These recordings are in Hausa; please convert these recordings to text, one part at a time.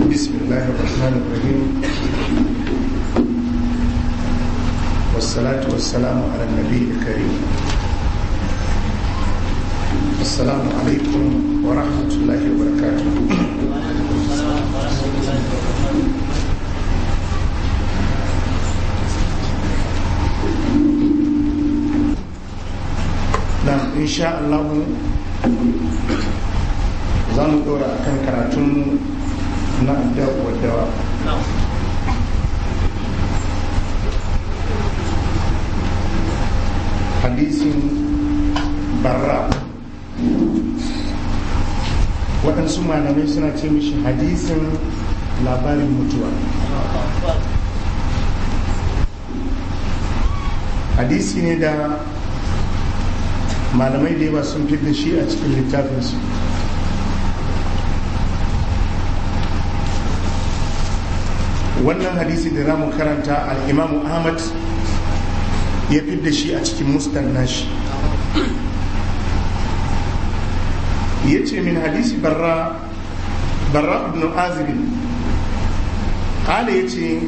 بسم الله الرحمن الرحيم والصلاة والسلام على النبي الكريم السلام عليكم ورحمة الله وبركاته نعم إن شاء الله za mu ɗora kan karatun na adda wadda hadisin barra waɗansu malamai suna ce mishi hadisin labarin mutuwa hadisi ne da malamai da yawa sun fi da shi a cikin littafinsu wannan hadisi da za mu karanta al'imamu ahmad ya fi da shi a cikin mustan nashi ya ce min hadisi barra barra ibn azibin kala ya ce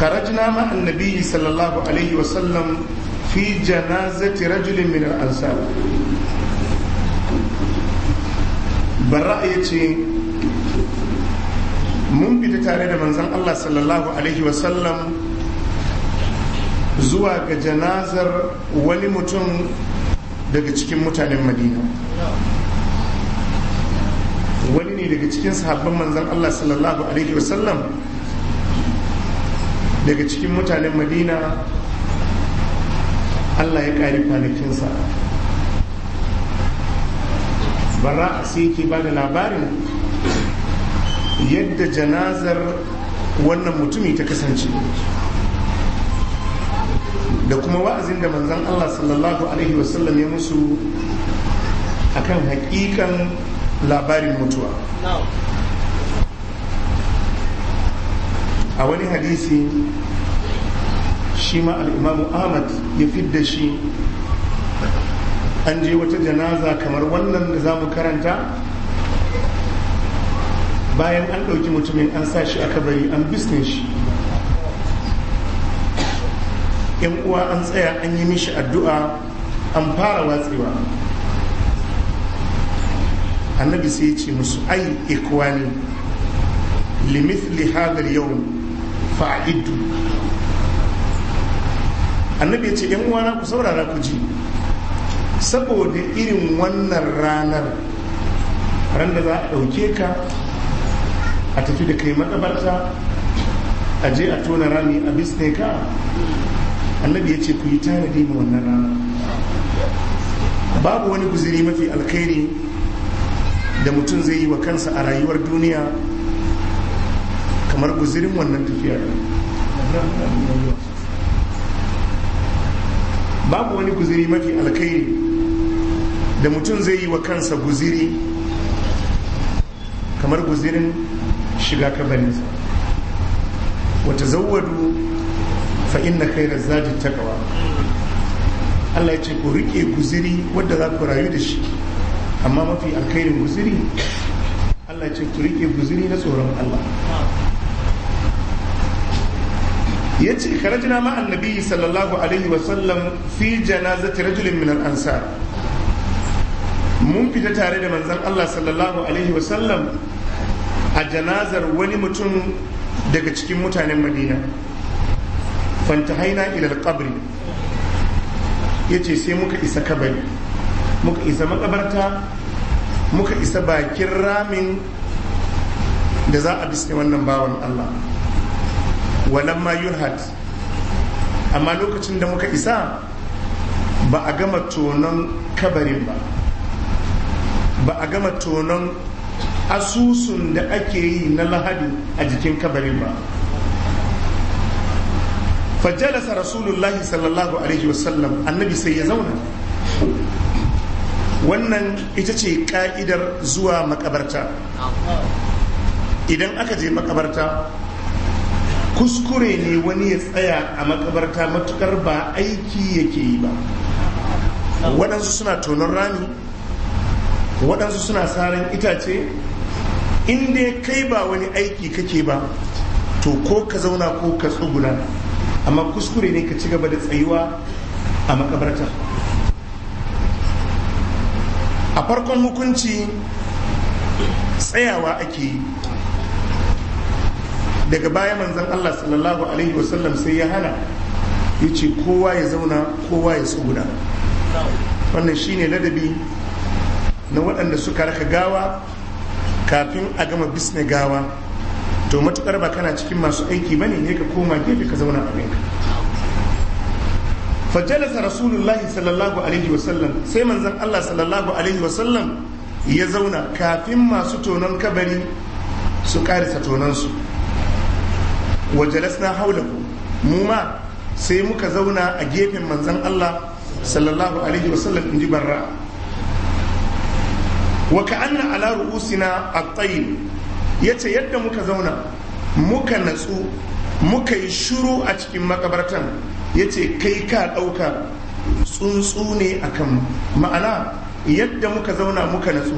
karajina ma annabi sallallahu alaihi wasallam fi janazati rajulin min al-ansar barra ya ce mun fita tare da manzan Allah sallallahu alaihi wasallam zuwa ga janazar wani mutum daga cikin mutanen madina wani ne daga cikin sahabban manzan Allah sallallahu alaihi wasallam daga cikin mutanen madina Allah ya ƙari kwanakinsa bara sai ke ba da labarin yadda janazar wannan mutumi ta kasance da kuma wa'azin da manzan Allah sallallahu alaihi wasallam ya musu akan hakikan labarin mutuwa a wani hadisi shi ma al'imamu ahmad ya fidda shi an je wata janaza kamar wannan da za mu karanta bayan an ɗauki mutumin an sa shi a kabari an bisne shi yan uwa an tsaya an yi mishi addu'a an fara watsewa annabi sai ce musu ai ikwani limithli hadar yau fa'idu annabi yace ce yan uwa na ku saurara ku ji saboda irin wannan ranar ran da za a ɗauke ka a tafi da kai makabarta a je a tona rami a bisne ka annabi ya ce ku yi tanadi ma wannan rana babu wani guziri mafi alkhairi da mutum zai yi wa kansa a rayuwar duniya kamar guzirin wannan tafiya babu wani guziri mafi alkhairi da mutum zai yi wa kansa guziri kamar guzirin shiga kabarinsa wata zawadu fa inna khairar zajin takawa Allah ya ce ku riƙe guziri wadda za ku rayu da shi amma mafi alkhairin guziri Allah ya ce ku riƙe guziri na tsoron Allah ya ce karajina ma annabi sallallahu alaihi wasallam fi janazati rajulin min al-ansar mun fita tare da manzan Allah sallallahu alaihi wasallam a janazar wani mutum daga cikin mutanen madina fantahaina ilal qabri ya ce sai muka isa kabari muka isa makabarta muka isa bakin ramin da za a bisne wannan bawan Allah ma yurhat amma lokacin da muka isa ba a gama tonon kabarin ba ba a gama tonon asusun da ake yi na lahadi a jikin kabarin ba fajalasa rasulullahi sallallahu alaihi wasallam annabi sai ya zauna wannan ita ce ka'idar zuwa makabarta idan aka je makabarta kuskure ne wani ya tsaya a makabarta matukar ba aiki yake yi ba waɗansu suna tonon rami waɗansu suna saran itace Inda dai kai ba wani aiki kake ba to ko ka zauna ko ka tsuguna amma kuskure ne ka ci gaba da tsayuwa a makabarta a farkon hukunci tsayawa ake yi daga baya manzan Allah sallallahu alaihi wasallam sai ya hana ya ce kowa ya zauna kowa ya tsuguna wannan shine ladabi na waɗanda suka raka gawa kafin a gama bisne gawa to matukar ba kana cikin masu aiki bane ne ka koma gefe ka zauna ka fajalasa rasulullahi sallallahu alaihi wasallam sai manzon Allah sallallahu alaihi wasallam ya zauna kafin masu tonon kabari su karisa tononsu wajalasna haulaku mu ma sai muka zauna a gefen manzon Allah sallallahu alaihi wasallam in ji barra wa ka'anna ala ru'usina at ya yace yadda muka zauna muka natsu muka yi shuru a cikin makabartan yace kai ka dauka tsuntsu ne akan ma'ana yadda muka zauna muka natsu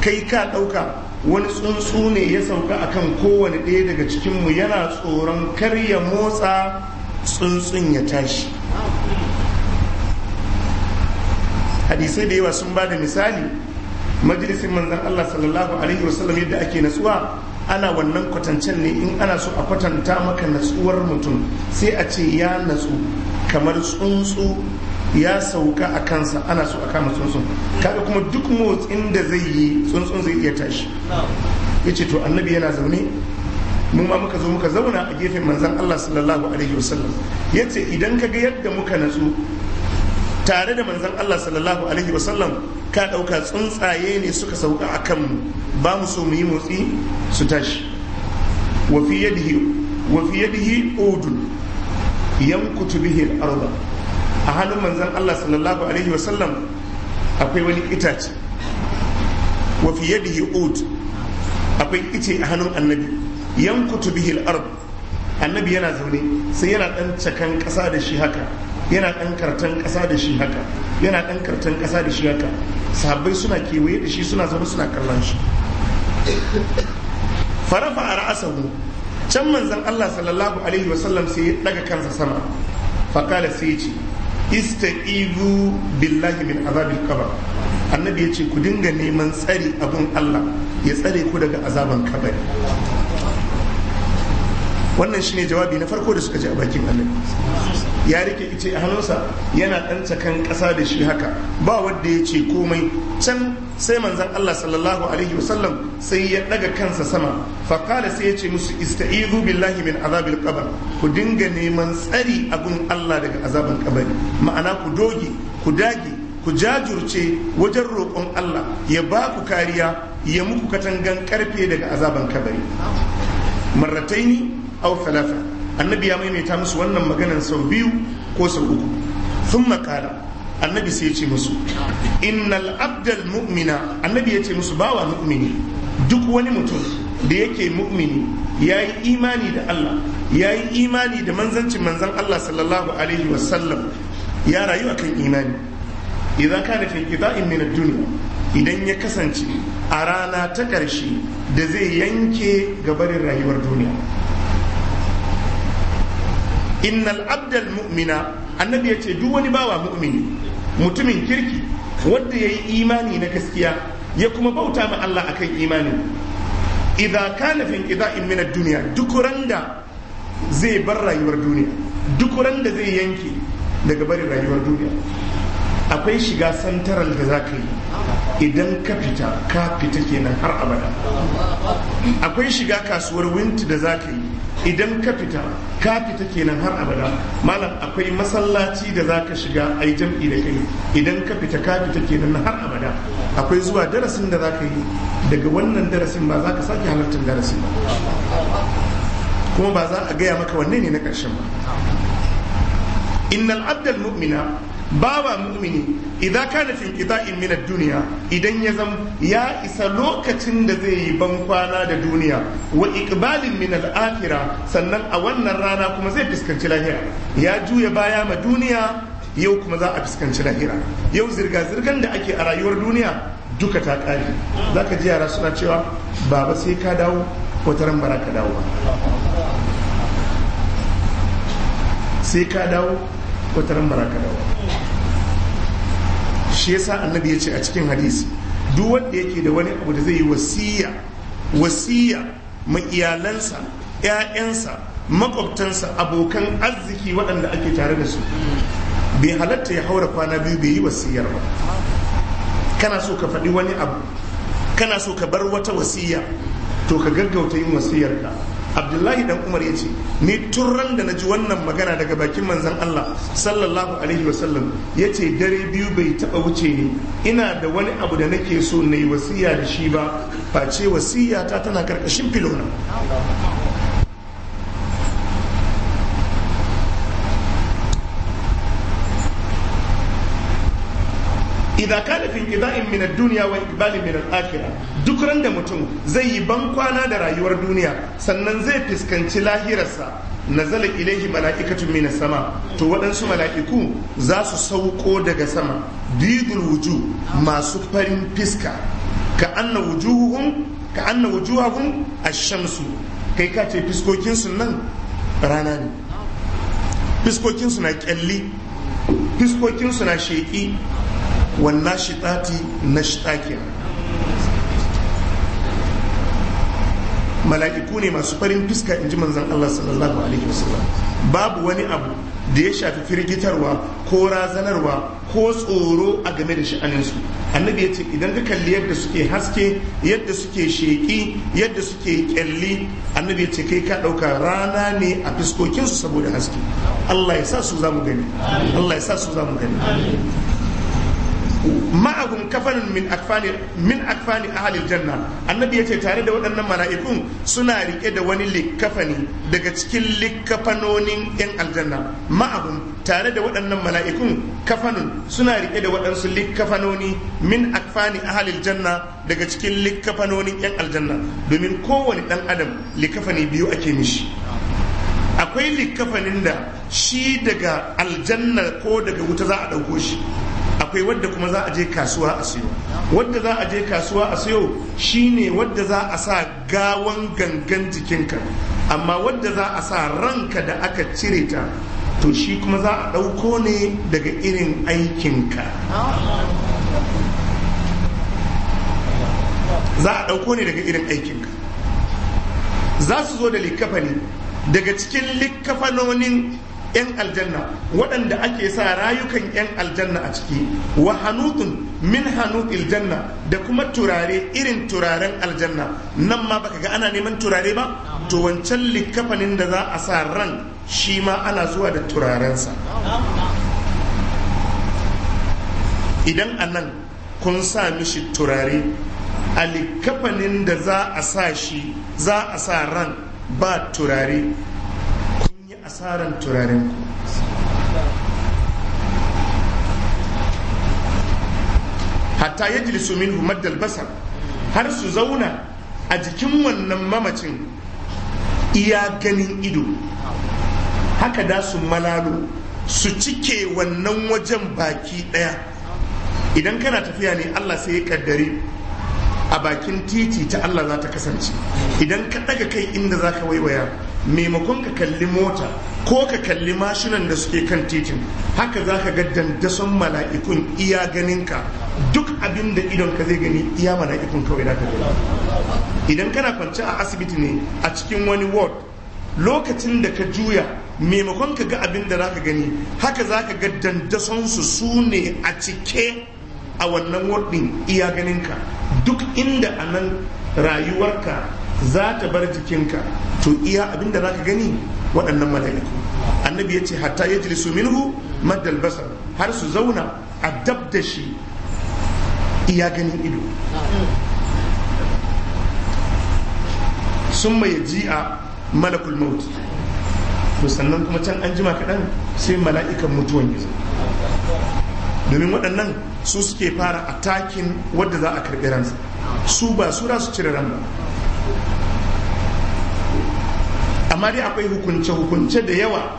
kai ka dauka wani tsuntsu ne ya sauka akan kowane ɗaya daga cikinmu yana tsoron kar ya motsa tsuntsun ya tashi hadisai da yawa sun ba da misali majalisin manzan Allah sallallahu alaihi wasallam yadda ake natsuwa ana wannan kwatancen ne in ana so a kwatanta maka natsuwar mutum sai a ce ya natsu kamar tsuntsu ya sauka a kansa ana so a kama tsuntsun kaga kuma duk motsin da zai yi tsuntsun zai iya tashi ya ce to annabi yana zaune mu ma muka zo muka zauna a gefen manzan Allah sallallahu alaihi wasallam ya ce idan ka ga yadda muka natsu tare da manzan Allah sallallahu alaihi wasallam ka ɗauka tsuntsaye ne suka sauka a kan ba mu so mu yi motsi su tashi wa fi yadihi yan kutu bihi al-arda a hannun manzan Allah sallallahu alaihi wasallam akwai wani itace wa fi yadihi ud akwai ice a hannun annabi Yan kutu bihi al-ard annabi yana zaune sai yana ɗan cakan ƙasa da shi haka yana ɗan kartan ƙasa da shi haka yana ɗan kartan ƙasa da shi haka sahabbai suna kewaye da shi suna zama suna kallon shi farafa a ra'asahu can manzan Allah sallallahu alaihi wasallam sai ya daga kansa sama fakala sai ce ista'izu billahi min azabil qabr annabi ya ce ku dinga neman tsari abun Allah ya tsare ku daga azaban kabari wannan shine jawabi na farko da suka ji a bakin annabi ya rike ice a hannunsa yana ɗan tsakan ƙasa da shi haka ba wanda ya ce komai can sai manzon Allah sallallahu alaihi wasallam sai ya ɗaga kansa sama faqala sai ya ce musu ista'izu billahi min azabil qabr ku dinga neman tsari a gun Allah daga azaban kabari ma'ana ku doge ku dage ku jajurce wajen roƙon Allah ya ba ku kariya ya muku katangan karfe daga azaban kabari marrataini aw talafa annabi ya maimaita musu wannan maganan sau biyu ko sau uku sun makara, annabi sai ya ce musu innal abdal mu'mina annabi ya ce musu bawa mu'mini duk wani mutum da yake mu'mini ya yi imani da Allah ya yi imani da manzancin manzan Allah sallallahu alaihi wasallam ya rayu a kan imani idan ka da ba'in min duniya idan ya kasance a rana ta ƙarshe da zai yanke gabarin rayuwar duniya innal abdal mu'mina annabi ya ce duk wani bawa mu'mini mutumin kirki wanda ya yi imani na gaskiya ya kuma bauta ma Allah akan imani idza kana fi qida'in min ad-dunya duk randa zai bar rayuwar duniya duk randa zai yanke daga barin rayuwar duniya akwai shiga santaral da za ka yi idan ka fita ka fita kenan har abada akwai shiga kasuwar winti da za ka yi idan ka fita ka fita kenan har abada malam akwai masallaci da za ka shiga a yi jam'i da kai idan ka fita ka fita kenan har abada akwai zuwa darasin da za ka yi daga wannan darasin ba za ka sake halartar darasin ba kuma ba za a gaya maka wanne ne na ƙarshen ba innal abdal mu'mina bawa mumini idan kana fi qita'in min duniya, duniya idan ya zama ya isa lokacin da zai yi ban kwana da duniya wa ikibalin min al sannan a wannan rana kuma zai fuskanci lahira ya juya baya ma duniya yau kuma za a fuskanci lahira yau zirga zirgan da ake a rayuwar duniya duka ta kare zaka ji yara suna cewa baba sai ka dawo ta ran bara ka dawo sai ka dawo ta ran bara ka dawo shi yasa annabi ya ce a cikin hadisi duk wanda yake da wani abu da zai yi wasiya wasiya ma iyalansa ƴaƴansa makwabtansa abokan arziki waɗanda ake tare da su bai halatta ya haura kwana biyu bai yi wasiyar ba kana so ka faɗi wani abu kana so ka bar wata wasiya to ka gaggauta yin wasiyar ka? abdullahi dan umar ya ce ni turran da na ji wannan magana daga bakin manzan allah sallallahu alaihi wasallam ya ce dare biyu bai taba wuce ni ina da wani abu da nake so na yi wasiya da shi ba face wasiya ta tana karkashin filona idan ka fi qida'in min minar duniya wa iqbalin min duk ran da mutum zai yi ban kwana da rayuwar duniya sannan zai fuskanci lahirarsa na zala ilaihi mala'ikatu mina sama to waɗansu mala'iku za su sauko daga sama bidul wuju masu farin fiska ka anna wujuhuhum ka anna wujuhahum shamsu kai ka ce fiskokinsu nan rana ne fiskokinsu na kyalli fiskokinsu na sheƙi wannan shitati na shitakin mala'iku ne masu farin fuska in ji manzan Allah sallallahu alaihi wasallam babu wani abu da ya shafi firgitarwa ko razanarwa ko tsoro a game da sha'aninsu annabi ya ce idan ka kalli yadda suke haske yadda suke sheƙi yadda suke ƙyalli, annabi ya ce kai ka ɗauka rana ne a fiskokinsu saboda haske Allah ya sa su za Allah ya sa su za mu gani ma'ahum kafanin min akfani min akfani janna annabi ya ce tare da waɗannan mala'ikun suna rike da wani likafani daga cikin likafanonin yan aljanna ma'ahum tare da waɗannan mala'ikun kafanin suna rike da waɗansu likafanoni min akfani halin janna daga cikin likafanonin yan aljanna domin kowane ɗan adam likafani biyu ake mishi akwai likkafanin da shi daga aljanna ko daga wuta za a ɗauko shi akwai wadda kuma za a je kasuwa a siyo wadda za a je kasuwa a siyo shine wadda za a sa gawan gangan jikinka amma wadda za a sa ranka da aka cire ta to shi kuma za a ɗauko ne daga irin aikinka za a ɗauko ne daga irin aikinka za su zo da likkafani daga cikin likkafanonin 'yan aljanna waɗanda ake sa rayukan 'yan aljanna a ciki wa hanutun min hanutil janna da kuma turare irin turaren aljanna nan ma baka ga ana neman turare ba to wancan likafanin da za a sa ran shi ma ana zuwa da turarensa idan a nan kun sa mishi turare a likafanin da za a sa shi za a sa ran ba turare asaran turaren ku hatta yajlisu minhu basar har su zauna a jikin wannan mamacin iya ganin ido haka da su malalo su cike wannan wajen baki daya idan kana tafiya ne allah sai ya kaddare a bakin titi ta allah za ta kasance idan ka daga kai inda za ka waiwaya maimakon ka kalli mota ko ka kalli mashinan da suke kan titin haka za ka ga dandason mala'ikun iya ganinka duk abin da idon ka zai gani iya mala'ikun kawai da ka gani idan kana kwance a asibiti ne a cikin wani ward lokacin da ka juya maimakon ka ga abin da za ka gani haka za ka ga dandason su su ne a cike a wannan ward din iya ganinka duk inda a nan rayuwarka za ta bar jikinka to iya abinda za ka gani waɗannan mala'iku annabi ya ce hatta ya jilisu minhu maddal basar har su zauna a dab da shi iya ganin ido sun mai ji a malakul maut to sannan kuma can an jima kaɗan sai mala'ikan mutuwan gizo domin waɗannan su suke fara a takin wadda za a karɓi ransa su ba su ra su cire ran ba amma dai akwai hukunce-hukunce da yawa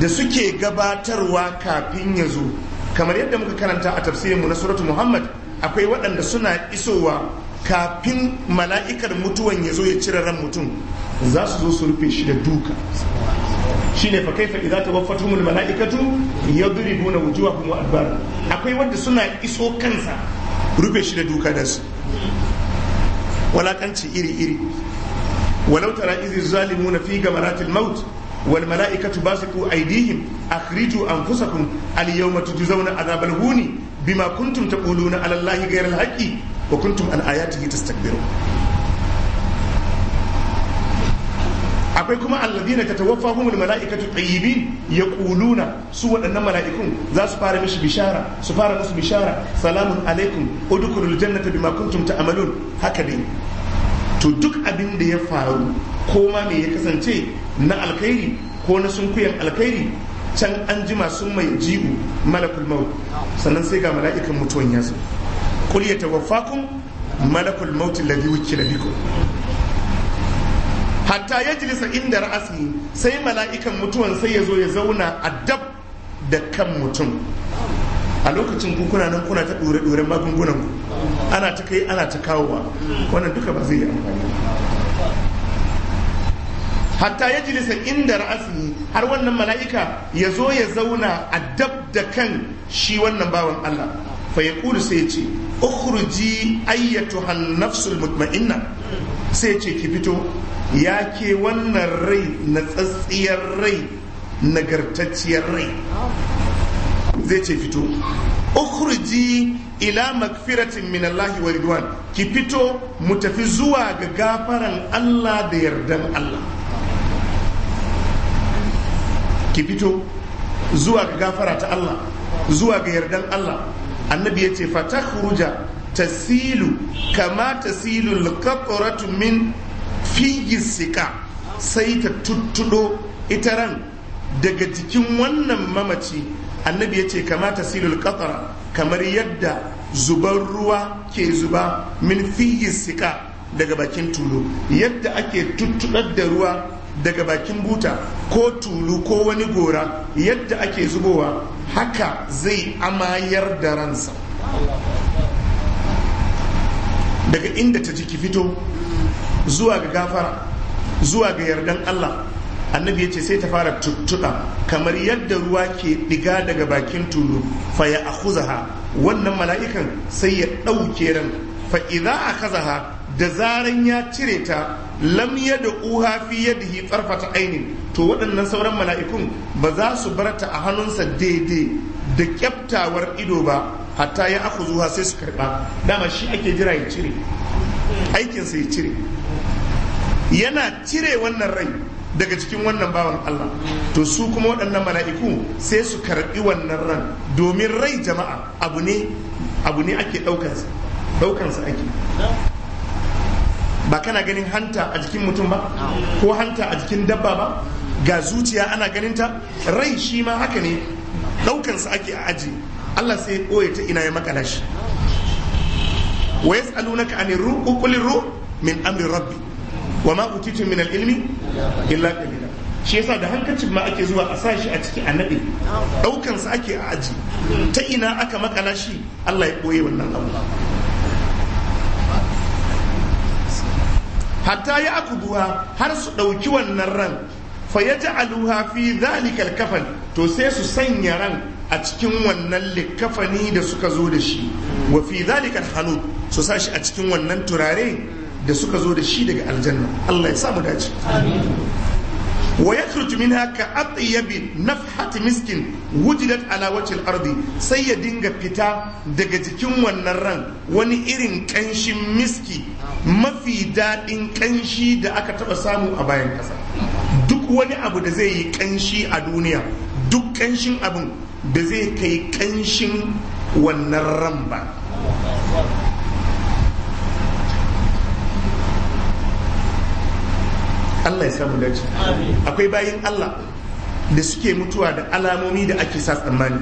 da suke gabatarwa kafin ya zo kamar yadda muka karanta a tafsirinmu na suratu muhammad akwai waɗanda suna isowa kafin mala'ikar mutuwan ya zo ya cire ran mutum za su zo su rufe shi da duka shine za ta idza tawaffatuhumul mala'ikatu ya buna wujuwa kuma albar akwai wanda suna iso kansa rufe shi da duka da su walakanci iri iri walauta tara izi na figa maratil maut wal mala'ikatu basitu aydihim akhriju anfusakum al yawma tujzauna azabal huni bima kuntum taquluna ala allahi ghayra al haqqi wa kuntum an ayatihi akwai kuma alladina ka tawaffa humul mala'ikatu tayyibin yaquluna su waɗannan mala'ikun za su fara mishi bishara su fara musu bishara salamun alaikum udkhulul jannata bima kuntum ta'malun haka dai to duk abin da ya faru ko ma me ya kasance na alkhairi ko na sunkuyan alkhairi can an jima sun mai ji'u malakul maut sannan sai ga mala'ikan mutuwan ya zo qul yatawaffakum malakul maut alladhi wukila bikum hatta yajlisa inda ra'asi sai mala'ikan mutuwan sai ya zo ya zauna a dab da kan mutum a lokacin kuna nan kuna ta ɗore-ɗoren magungunan ana ta kai ana ta kawowa wannan duka ba zai yi amfani hatta ya jilisa inda ra'asini har wannan mala'ika ya zo ya zauna a dab da kan shi wannan bawan Allah fa ya kulu sai ce ukhruji ayyatu nafsul mutma'inna sai ce ki fito ya ke wannan rai na tsatsiyar rai nagartacciyar rai zai ce fito ukhruji ila magfiratin min Allah wa ridwan ki fito mu tafi zuwa ga gafaran Allah da yardan Allah ki fito zuwa ga gafara ta Allah zuwa ga yardan Allah annabi ya ce fatakhruja tasilu kama tasilu alqatratu min fiyi sika sai ta tuttudo ita ran daga jikin wannan mamaci annabi ya ce kama tasilul qatra kamar yadda zuban ruwa ke zuba min fiyi sika daga bakin tulu yadda ake tuttuɗar da ruwa daga bakin buta ko tulu ko wani gora yadda ake zubowa haka zai amayar da ransa daga inda ta jiki fito zuwa ga gafara zuwa ga yardan Allah annabi ya ce sai ta fara tuttuɗa kamar yadda ruwa ke ɗiga daga bakin tulu fa ya akhuzaha wannan mala'ikan sai ya ɗauke ran fa idza kazaha da zaran ya cire ta lam da uha fi yadihi tsarfata ainin to waɗannan sauran mala'ikun ba za su bar ta a hannunsa daidai da kyaftawar ido ba hatta ya aku zuwa sai su karɓa dama shi ake jira ya cire aikinsa ya cire yana cire wannan rai daga cikin wannan bawan Allah to su kuma waɗannan mala'iku sai su karɓi wannan ran domin rai jama'a abu ne abu ne ake ɗaukansa ɗaukansa ake ba kana ganin hanta a jikin mutum ba ko hanta a jikin dabba ba ga zuciya ana ganin ta, rai shi ma haka ne ɗaukansa ake a aji Allah sai ya ta ina ya makala shi wa yas'alunaka anir ruh min amri rabbi wa ma utitu min al-ilmi illa qalila shi yasa da hankacin ma ake zuwa a sa shi a ciki a naɗe ɗaukan sa ake a aji ta ina aka makala shi Allah ya koye wannan abu hatta ya akuduwa har su ɗauki wannan ran fa ya ja'aluha fi dhalikal kafan to sai su sanya ran a cikin wannan likafani da suka zo da shi wa fi dhalikal hanud su sa shi a cikin wannan turare da suka zo da shi daga aljanna Allah ya sa mu dace wa yakhruju minha ka atyab nafhat miskin wujidat ala al ardi sai ya dinga fita daga jikin wannan ran wani irin kanshin miski mafi dadin kanshi da aka taba samu a bayan kasa duk wani abu da zai yi kanshi a duniya duk kanshin abin da zai kai kanshin wannan ran ba Allah ya samu dace akwai bayin Allah da suke mutuwa da alamomi da ake sa tsammani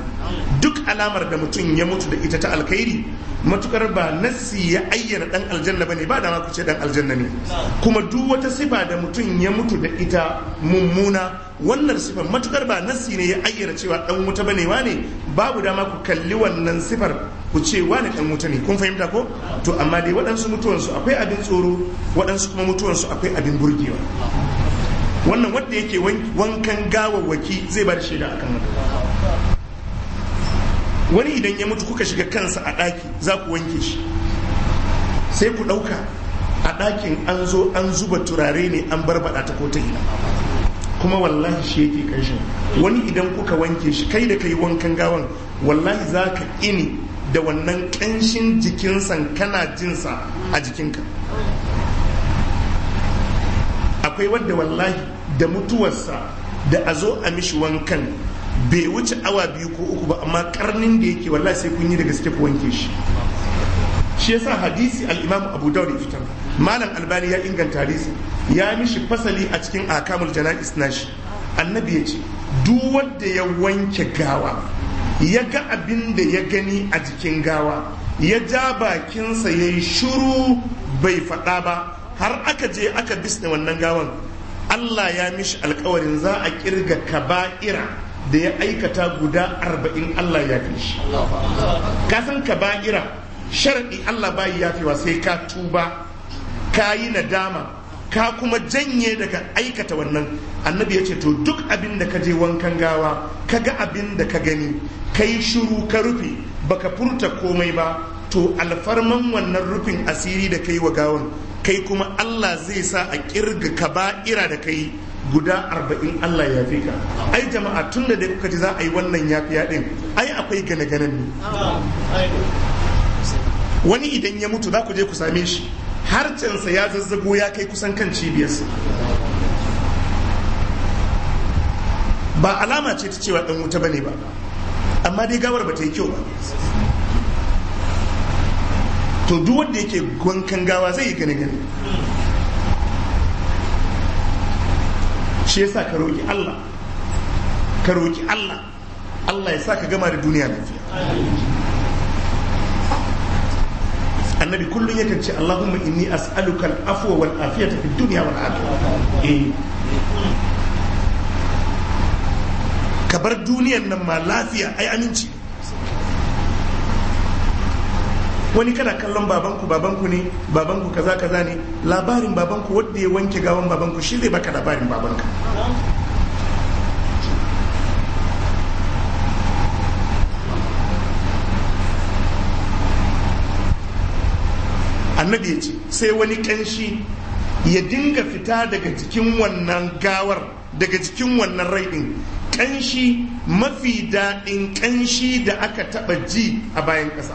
duk alamar da mutum ya mutu da ita ta alkhairi matukar ba nassi ya ayyana dan aljanna bane ba da ma ku ce dan aljanna ne kuma duk wata sifa da mutum ya mutu da ita mummuna wannan sifan matukar ba nassi ne ya ayyana cewa dan wuta bane wane babu dama ku kalli wannan sifar ku ce wani dan wuta ne kun fahimta ko to amma dai waɗansu mutuwansu akwai abin tsoro waɗansu kuma mutuwansu akwai abin burgewa wannan wanda yake wankan gawawwaki zai bar shaida akan wani wani idan ya mutu kuka shiga kansa a ɗaki za ku wanke shi sai ku ɗauka a ɗakin an zo an zuba turare ne an barbaɗa ta ko ta ina kuma wallahi shi yake kanshin wani idan kuka wanke shi kai da kai wankan gawan wallahi za ka ini da wannan ƙanshin jikinsa kana jinsa a jikinka akwai wadda wallahi da mutuwarsa da a zo a mishi wankan bai wuce awa biyu ko uku ba amma karnin da yake wallahi sai kun yi da gaske ku wanke shi shi yasa hadisi al-Imam Abu Dawud fitan malam Albani ya inganta hadisi ya mishi fasali a cikin akamul jana'is nashi annabi ya ce duk wanda ya wanke gawa ya ga abin da ya gani a jikin gawa ya ja bakinsa ya yi shuru bai faɗa ba har aka je aka bisne wannan gawan Allah ya mishi alkawarin za a kirga kaba'ira da ya aikata guda arba'in Allah ya fi shi kasan kaba'ira sharaɗi Allah bai ya sai ka tuba ka yi nadama ka kuma janye daga aikata wannan annabi ya ce to duk abin da ka je wankan gawa ka ga abin da ka gani ka yi shiru ka rufe baka furta komai ba to alfarman wannan rufin asiri da ka yi wa gawan kai kuma Allah zai sa a kirga ka ba'ira da kai guda arba'in Allah ya fi ka ai jama'a tun da dai kuka ji za a yi wannan yafiya din ai akwai gane-ganen ne wani idan ya mutu za ku je ku same shi harcensa ya zazzago ya kai kusan kan cibiyarsa ba alama ce ta cewa dan wuta bane ba amma dai gawar ba ta yi kyau ba to duk wanda yake gwankan gawa zai yi gani gani shi yasa ka roki Allah ka roki Allah Allah ya sa ka gama da duniya lafiya annabi kullum ya ce Allahumma inni as'aluka al-afwa wal afiyata fid dunya wal akhirah eh. ka bar duniyan nan ma lafiya ai aminci wani kana kallon babanku babanku ne babanku kaza kaza ne labarin babanku wanda ya wanke gawan babanku shi zai baka labarin babanka annabi ya ce sai wani kanshi ya dinga fita daga jikin wannan gawar daga jikin wannan rai ɗin kanshi mafi daɗin kanshi da aka taɓa ji a bayan ƙasa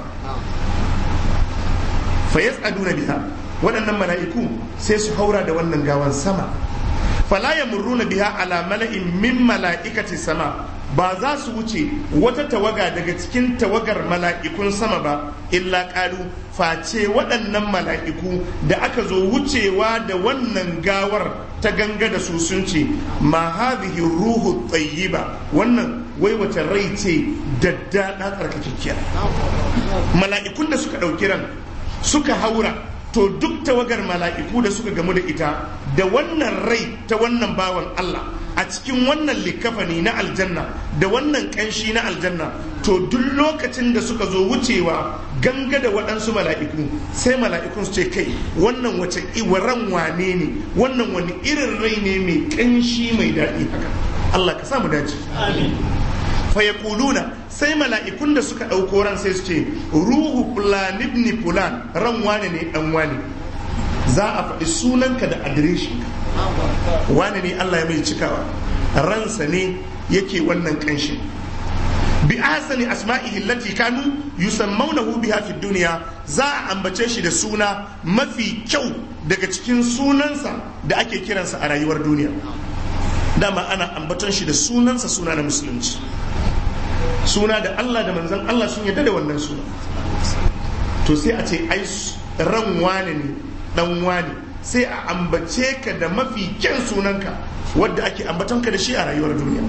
fayas aduna biha waɗannan mala'iku sai su haura da wannan gawan sama fala ya na biha ala mala'in min mala'ikati sama ba za su wuce wata tawaga daga cikin tawagar mala'ikun sama ba illa ƙalu face waɗannan mala'iku da aka zo wucewa da wannan gawar ta ganga da su sun ce ma hadhihi ruhu ba wannan wai wata rai ce daddaɗa tsarkakekkiya mala'ikun da suka ɗauki ran suka haura to duk tawagar mala'iku da suka gamu da ita da wannan rai ta wannan bawan Allah a cikin wannan likafani na aljanna da wannan kanshi na aljanna to duk lokacin da suka zo wucewa ganga da waɗansu mala'iku sai mala'ikun su ce kai wannan wace iwaran wane ne wannan wani irin rai ne mai kanshi mai daɗi haka Allah ka samu dace fayakuluna sai mala'ikun da suka ɗauko ran sai su ce ruhu fulan ibn fulan ran wane ne ɗan wane za a faɗi sunanka da adireshinka wani ne Allah ya mai cikawa ransa ne yake wannan kanshi bi ahsani asma'ihi allati kanu yusammunahu biha fi dunya za a ambace shi da suna mafi kyau daga cikin sunansa da ake kiransa a rayuwar duniya dama ana ambaton shi da sunansa suna na musulunci suna da Allah da manzan Allah sun yarda da wannan suna to sai a ce ai ran wane ne dan wane sai a ambace ka da mafi kyan sunanka wadda ake ka da shi a rayuwar duniya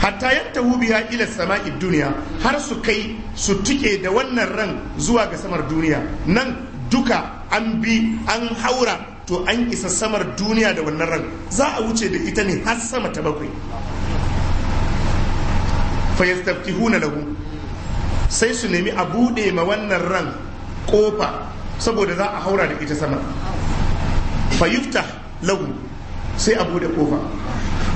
hatta yanta hubiya ila sama'i duniya har su kai su tuke da wannan ran zuwa ga samar duniya nan duka an bi an haura to an isa samar duniya da wannan ran za a wuce da ita ne har sama ta bakwai fayastaftihuna lahu sai su nemi a buɗe ma wannan ran kofa saboda za a haura da ita sama fayufta lagu sai a bude kofa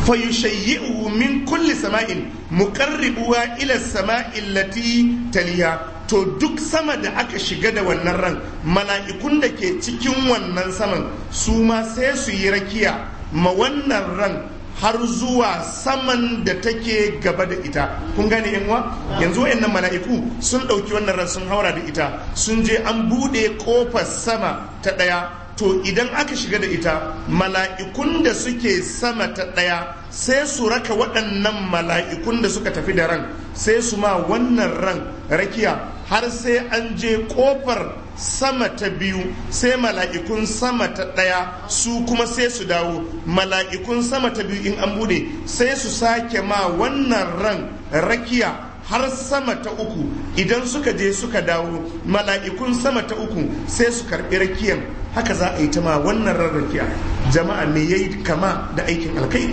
fayushayyi'u min kulli sama'in muqarribuha ila sama'in lati taliya to duk sama da aka shiga da wannan ran mala'ikun da ke cikin wannan saman su ma sai su yi rakiya ma wannan ran har zuwa saman da take gaba da ita kun gane yan uwa yanzu wayannan mala'iku sun ɗauki wannan ran sun haura da ita sun je an bude kofar sama ta ɗaya. to idan aka shiga da ita mala'ikun da suke sama ta ɗaya sai su raka waɗannan mala'ikun da suka tafi da ran sai su ma wannan ran rakiya har sai an je ƙofar sama ta biyu sai mala'ikun sama ta ɗaya su kuma sai su dawo mala'ikun sama ta biyu in an bude sai su sake ma wannan ran rakiya har sama ta uku idan suka je suka dawo mala'ikun sama ta uku sai su karɓi rakiyan haka za a yi ta ma wannan rarrakiya jama'a me yi kama da aikin alkai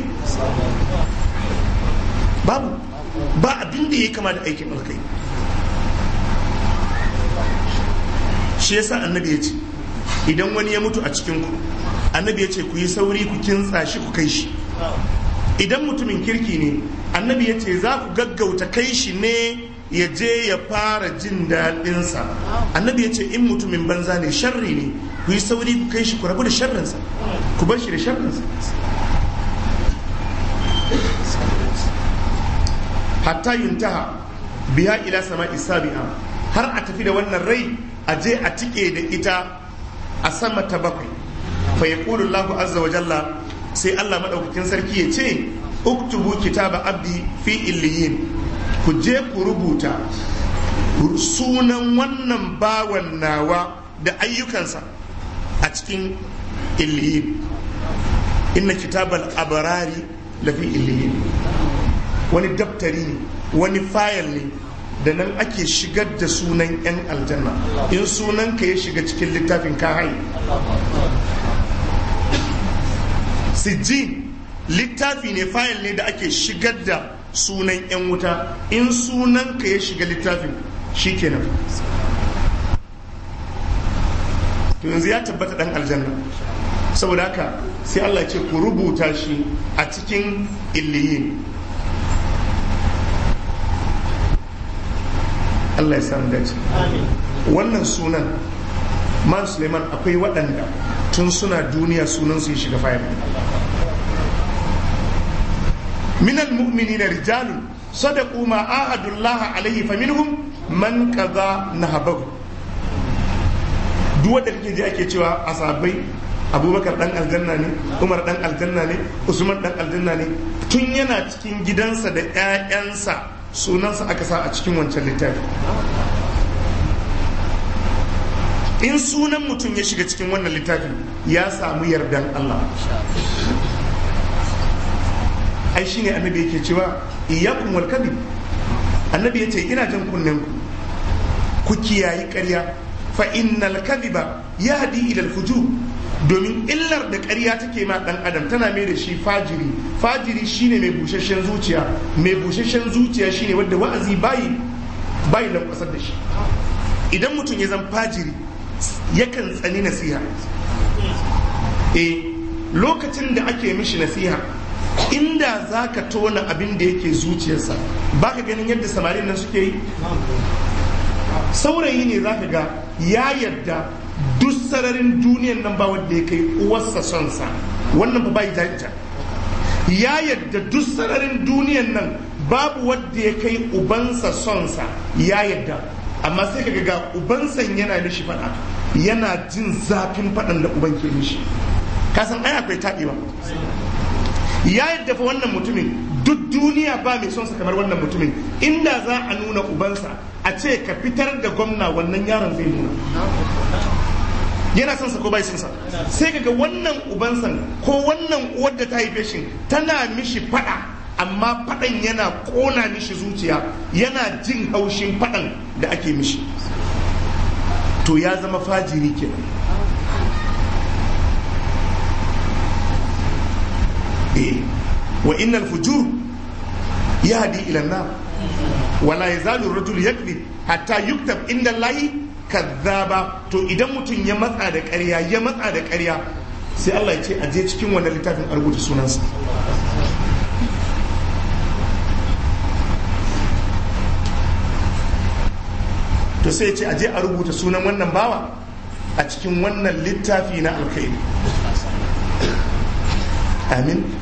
babu ba abin da ya kama da aikin alkai shi yasa annabi ya ce idan wani ya mutu a cikinku annabi ya ce ku yi sauri ku kintsa shi ku kai shi idan mutumin kirki ne annabi ya ce za ku gaggauta kai shi ne ya je ya fara jin daɗinsa annabi ya ce in mutumin banza ne sharri ne ku yi sauri ku kai shi ku rabu da sharrinsa ku bar shi da sharrinsa hatta yuntaha biya ila sama biya. har a tafi da wannan rai a je a tike da ita a sama ta bakwai fa yaqulu Allahu azza wa jalla sai Allah maɗaukakin sarki ya ce uktubu kitaba abdi fi illiyin ku je ku rubuta sunan wannan bawan nawa da ayyukansa a cikin illiyin inna kitabal abarari fi illiyin wani daftari ne wani fayil ne da nan ake shigar da sunan 'yan aljanna in sunanka ya shiga cikin littafin ka hai sijjin littafi ne fayil ne da ake shigar da sunan 'yan wuta in sunanka ya shiga littafin shi kenan to yanzu ya tabbata dan aljanna saboda haka sai Allah ce ku rubuta shi a cikin illiyin Allah ya samu dace wannan sunan man suleiman akwai waɗanda tun suna duniya sunan su ya shiga fayil من المؤمنين رجال صدقوا ما عاهدوا الله عليه فمنهم من كذا نهبه duk wanda kake ji ake cewa asabai abubakar dan aljanna ne umar dan aljanna ne usman dan aljanna ne tun yana cikin gidansa da 'ya'yansa sunansa aka sa a cikin wancan littafi in sunan mutum ya shiga cikin wannan littafin ya samu yardan allah ai shine annabi yake cewa iyyakum wal kadhib annabi yace ina jan kunnen ku ku kiyayi ƙarya fa innal kadhiba yahdi ila al domin illar da ƙarya take ma dan adam tana mai da shi fajiri fajiri shine mai busasshen zuciya mai busasshen zuciya shine wadda wa'azi bayi bayi kusa da shi idan mutum ya zan fajiri yakan tsani nasiha eh lokacin da ake mishi nasiha inda za ka tona abin da yake zuciyarsa ba ka ganin yadda samarin nan suke yi saurayi ne za ka ga ya yadda duk sararin duniyan nan ba wanda ya kai uwarsa sonsa wannan ba bai jajja ya yadda duk sararin duniyan nan babu wanda ya kai ubansa sonsa ya yadda amma sai ka ga ubansan yana mishi fada yana jin zafin fadan da uban ke mishi kasan ai akwai taɓewa ya yadda fa wannan mutumin duk duniya ba mai sonsa kamar wannan mutumin inda za a nuna ubansa a ce ka fitar da gwamna wannan yaron zai nuna yana son ko bai son sa sai kaga wannan ubansa ko wannan uwar da ta haife shi tana mishi fada amma fadan yana kona mishi zuciya yana jin haushin fadan da ake mishi to ya zama fajiri kenan E, wa innal fujur yahdi ila an-nar wa la yazalu ar yakdhib hatta yuktab inda ka zaba. to idan mutum ya matsa da ƙarya ya matsa da ƙarya sai Allah ya ce a je cikin wannan littafin a rubuta sunansa to sai ya ce a je a rubuta sunan wannan bawa a cikin wannan littafi na alkhairi amin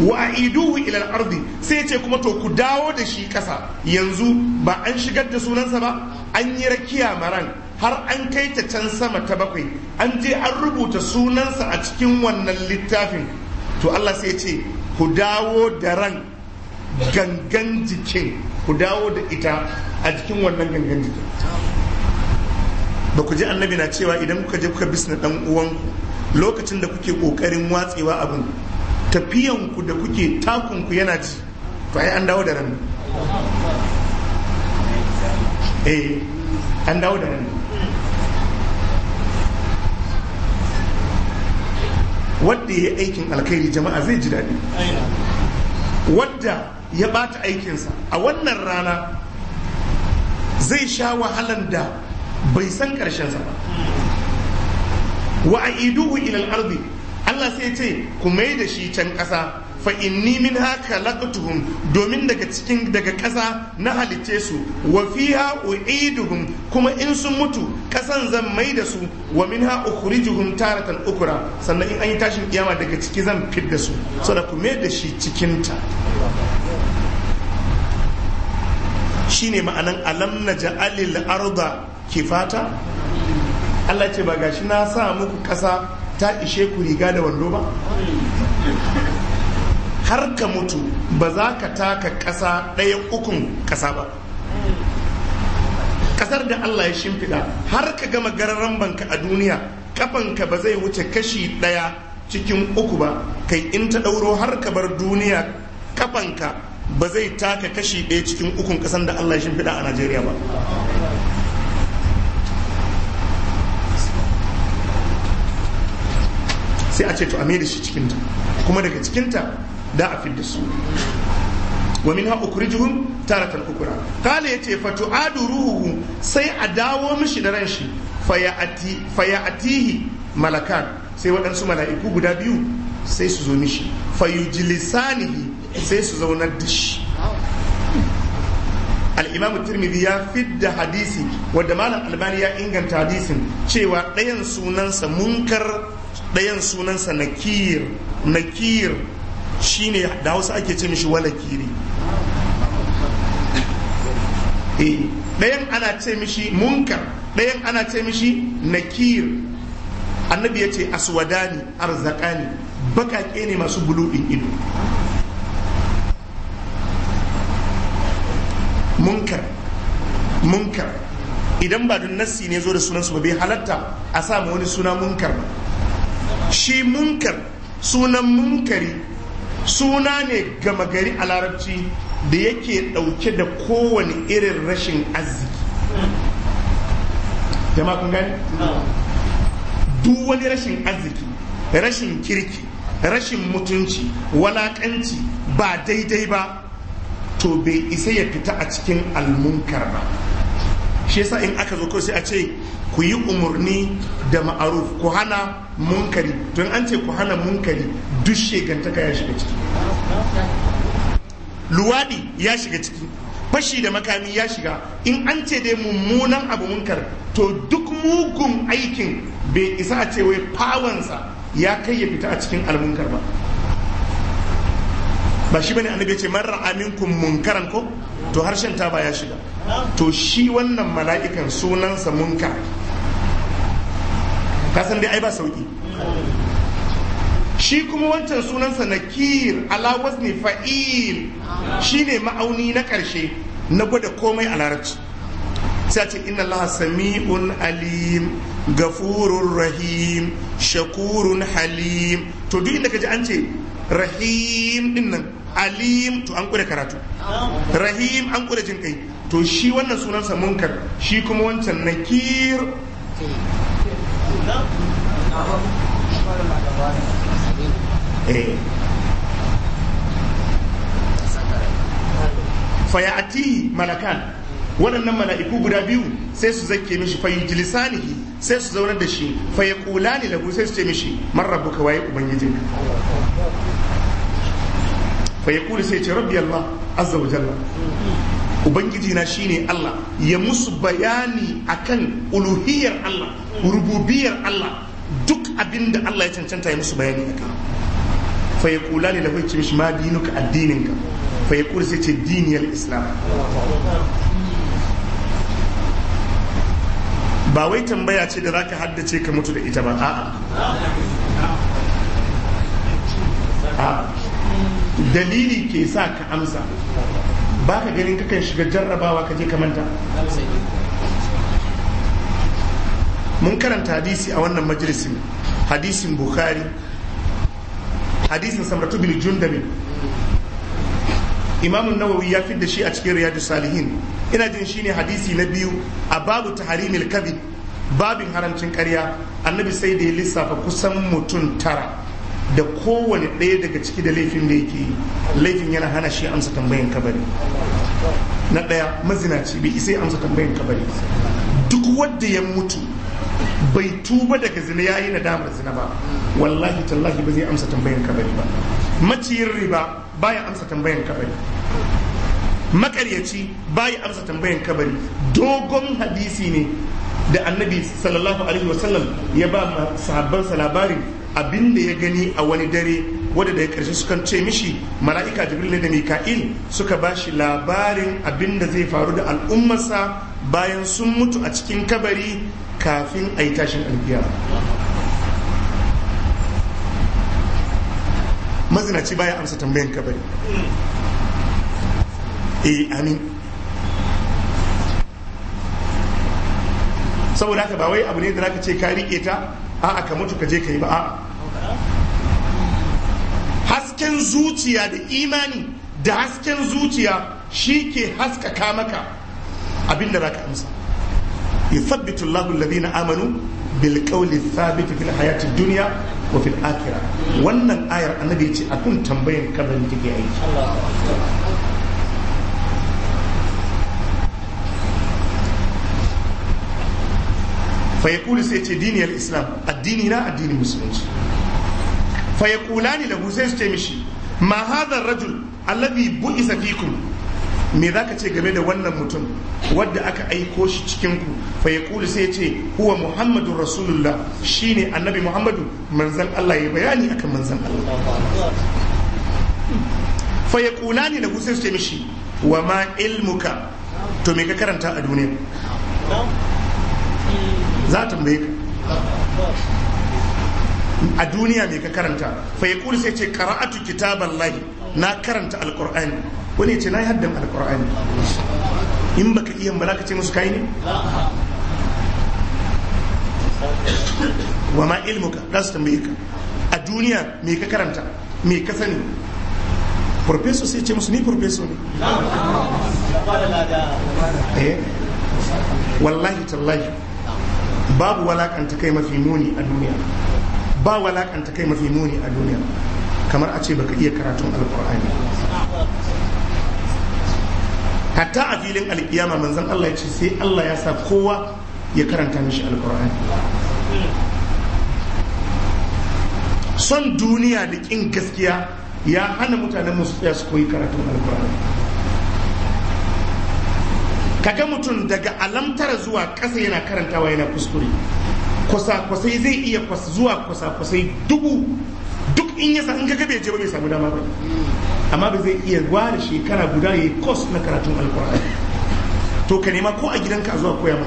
wa iduhu ilal ardi sai ce kuma to ku dawo da shi kasa yanzu ba an shigar da sunansa ba an yi rakiya maran har an kai ta can sama ta bakwai an je an rubuta sunansa a cikin wannan littafin to Allah sai ce ku dawo da ran gangan jikin ku dawo da ita a jikin wannan gangan jikin ba ku ji annabi na cewa idan kuka je kuka bisna dan uwanku lokacin da kuke kokarin watsewa abin tafiyanku da kuke takunku yana ci to ai an dawo da ran eh, an dawo da ran wadda ya yi aikin alkhairi jama'a zai ji daɗi wadda ya ɓata aikinsa a wannan rana zai sha wahalan da bai san ƙarshensa ba wa a iduhu ilal ardi Allah sai ce ku mai da shi can ƙasa fa inni min haka laqtuhum domin daga cikin daga ƙasa na halice su wa fiha u'iduhum kuma in sun mutu ƙasan zan mai da su wa minha ukhrijuhum taratan ukura, sannan in an yi tashin kiyama daga ciki zan fidda su saboda ku mai da shi cikin ta shine ma'anan alam naj'alil ke fata? Allah ce ba gashi na sa muku kasa ta ishe ku riga da wando ba har ka mutu ba za ka taka kasa ɗaya ukun kasa ba kasar da Allah ya shimfiɗa har ka gama gararan banka a duniya kafanka ba zai wuce kashi ɗaya cikin uku ba kai in ta ɗauro har ka bar duniya kafanka ba zai taka kashi ɗaya cikin ukun kasan da Allah ya shimfiɗa a Najeriya ba sai a ce to a mai da shi cikinta kuma daga cikinta da a fidda su wa minha ukhrijuhum taratan ukra ya ce fa tu'adu ruhu sai a dawo mishi da ran shi fayati fayatihi malakan sai waɗansu mala'iku guda biyu sai su zo mishi fayujlisanihi sai su zaunar da shi al-imam tirmidhi ya fidda hadisi wadda malam albani ya inganta hadisin cewa ɗayan sunansa munkar ɗayan sunansa nakir nakir shine da hausa ake ce mishi walakiri eh, ɗayan ana ce mishi munkar ɗayan ana ce mishi nakir annabi ya ce aswadani arzakani bakaƙe ne masu buluɗin ido munkar munkar idan ba don nassi ne zo da sunansu ba bai halatta a sa wani suna munkar ba shi munkar sunan munkari suna ne gama gari a larabci da yake ɗauke da kowane irin rashin arziki jama'a kun gani duk wani rashin arziki rashin kirki rashin mutunci walakanci ba daidai ba to bai isa ya fita a cikin almunkar ba shi yasa in aka zo kawai sai a ce ku yi umarni da ma'aruf ku hana munkari don an ce ku hana munkari duk shegantaka ya shiga ciki Luwadi ya shiga ciki fashi da makami ya shiga in an ce dai mummunan abu munkar to duk mugun aikin bai isa a ce wai fawansa ya kai ya fita a cikin almunkar ba ba shi bane annabi ce marar aminku munkaran ko to harshen ta ba ya shiga to shi wannan mala'ikan sunansa munkar kasan dai ai ba sauki shi kuma wancan sunansa nakir ala wasni fa'il shine ma'auni na ƙarshe na gwada komai a larabci sai ce inna allaha sami'un alim gafurun rahim shakurun halim to duk inda kaji an ce rahim dinnan alim to an kure karatu rahim an kure jin kai to shi wannan sunansa munkar shi kuma wancan nakir eh. fayati malakan waɗannan mala'iku guda biyu sai su zake mishi fayyujlisanihi sai su zaunar da shi ne lagu sai su ce mishi man rabbuka waye ubangijinka kula sai ce rabbi Allah azza wa ubangiji na shine Allah ya musu bayani akan uluhiyar Allah rububiyar Allah duk abin da Allah ya cancanta ya musu bayani akan fa ya kula ne da ce ma dinuka addininka fa ya kula ce diniyar islam ba wai tambaya ce da zaka haddace ka mutu da ita ba a'a dalili ke sa ka amsa ba ka ganin kakan shiga jarrabawa ka je ka manta mun karanta hadisi a wannan majalisin hadisin bukhari hadisin samratu bin jundabi imamun nawawi ya da shi a cikin riyadu salihin ina jin shi ne hadisi na biyu a babu taharimil kabi babin haramcin karya annabi sai da ya lissafa kusan mutum tara da kowane ɗaya daga ciki da laifin da yake laifin yana hana shi amsa tambayin kabari na ɗaya mazinaci bai isa amsa tambayin kabari duk wadda ya mutu bai tuba daga zina ya yi nadamar zina ba wallahi tallahi ba zai amsa tambayin kabari ba maciyin riba baya amsa tambayin kabari makaryaci baya amsa tambayan kabari dogon hadisi ne da annabi sallallahu alaihi wasallam ya ba sahabbansa labarin abin da ya gani a wani dare wadda ya karshe suka ce mishi mala'ika jibril ne da mika'il suka ba shi labarin abin da zai faru da al'ummarsa bayan sun mutu a cikin kabari kafin a yi tashin alkiyama mazinaci baya amsa tambayan kabari eh amin saboda haka ba wai abu ne da zaka ce ka rike ta a'a ka mutu ka je ka yi ba a'a hasken zuciya da imani da hasken zuciya shi ke haskaka maka abinda za ka amsa yuthabbitu Allahu alladhina amanu bil qawli thabit fil hayati dunya wa fil akhirah wannan ayar annabi ya ce akun tambayan kabarin take aiki fa sai ce dini al-islam addini na addinin musulunci fa yaqulani lahu sai su ce mishi ma rajul alladhi bu'isa fikum me zaka ce game da wannan mutum wadda aka aiko shi cikin ku fa sai ce huwa muhammadur rasulullah shine annabi muhammadu manzan Allah ya bayani akan manzan Allah fa lahu sai su ce mishi wa ma ilmuka to me ka karanta a duniya za ta mai ka a duniya mai ka karanta fa ya kuli sai ce qara'atu kitaban lahi na karanta alkur'ani wani ce na yi haddan alkur'ani in baka iya ba ka ce musu kai ne wa ma ilmuka za su tambaye ka a duniya mai ka karanta mai ka sani farfeso sai ce musu ni farfeso ne eh? wallahi tallahi babu walakanta kai mafi muni a duniya ba walakanta kai mafi muni a duniya kamar a ce baka iya karatun alkur'ani hatta a filin alkiyama manzon Allah ya ce sai Allah ya sa kowa ya karanta mishi alkur'ani son duniya da kin gaskiya ya hana mutanen musu tsaya su koyi karatun alkur'ani kaga mutum daga alamtara zuwa ƙasa yana karantawa yana kuskure kwasa-kwasai zai iya zuwa kwasa-kwasai dubu duk in yasa in kaga bai je ba bai samu dama ba amma ba zai iya ware shekara guda ya yi kos na karatun alkur'ani to ka nema ko a gidanka zuwa koya ma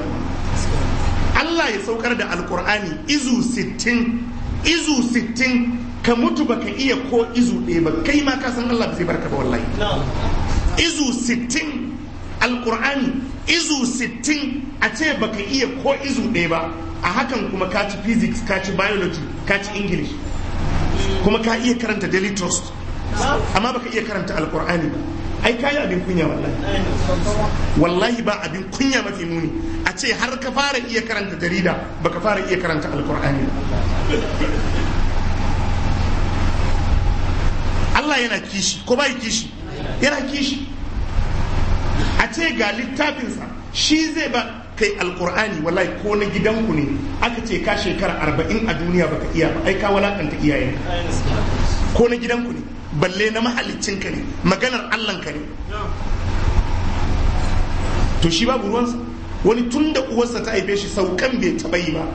Allah ya saukar da alkur'ani izu sittin izu sittin ka mutu baka iya ko izu ɗaya ba kai ma ka san Allah ba zai barka ba wallahi izu sittin alkur'ani izu 60 a ce baka iya ko izu ɗaya ba a hakan kuma ka ci physics ka ci biology ka ci english kuma ka iya karanta daily trust amma baka iya karanta alkur'ani ba ai yi abin kunya wallahi wallahi ba abin kunya mafi muni a ce har ka fara iya karanta jarida baka fara iya karanta alkur'ani Allah yana kishi ko bai kishi yana kishi a ce ga littafinsa shi zai ba kai alkur'ani wallahi ko na gidanku ne aka ce ka shekara arba'in a duniya baka iya ba ai ka walakanta iyayen ko na gidanku ne balle na ka ne maganar ka ne to shi babu ruwansa wani tun da uwarsa ta haife shi saukan bai taɓa yi ba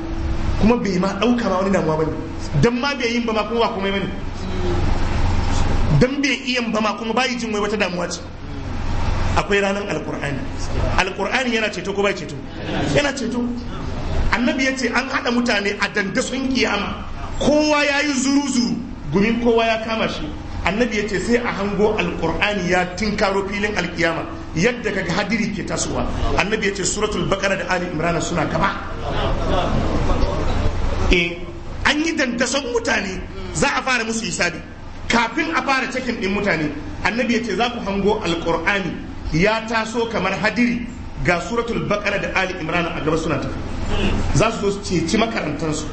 kuma bai ma ɗauka ma wani damuwa bane dan ma bai yin ba ma kuma ba komai bane dan bai iya ba ma kuma bai jin wai wata damuwa ce akwai ranar alkur'ani alkur'ani yana ceto ko bai ceto yana ceto annabi ya ce an haɗa mutane a dandasun kiyama kowa ya yi zuru-zuru gumin kowa ya kama shi annabi ya ce sai a hango alkur'ani ya tinkaro filin alkiyama yadda kaga hadiri ke tasowa annabi ya ce suratul bakara da ali imrana suna gaba eh, an yi dandason mutane za a fara musu hisabi kafin a fara cikin din mutane annabi ya ce za ku hango alkur'ani ya taso kamar hadiri ga suratul bakara da ali imran a gaba suna tafi za su zo su ceci makarantansu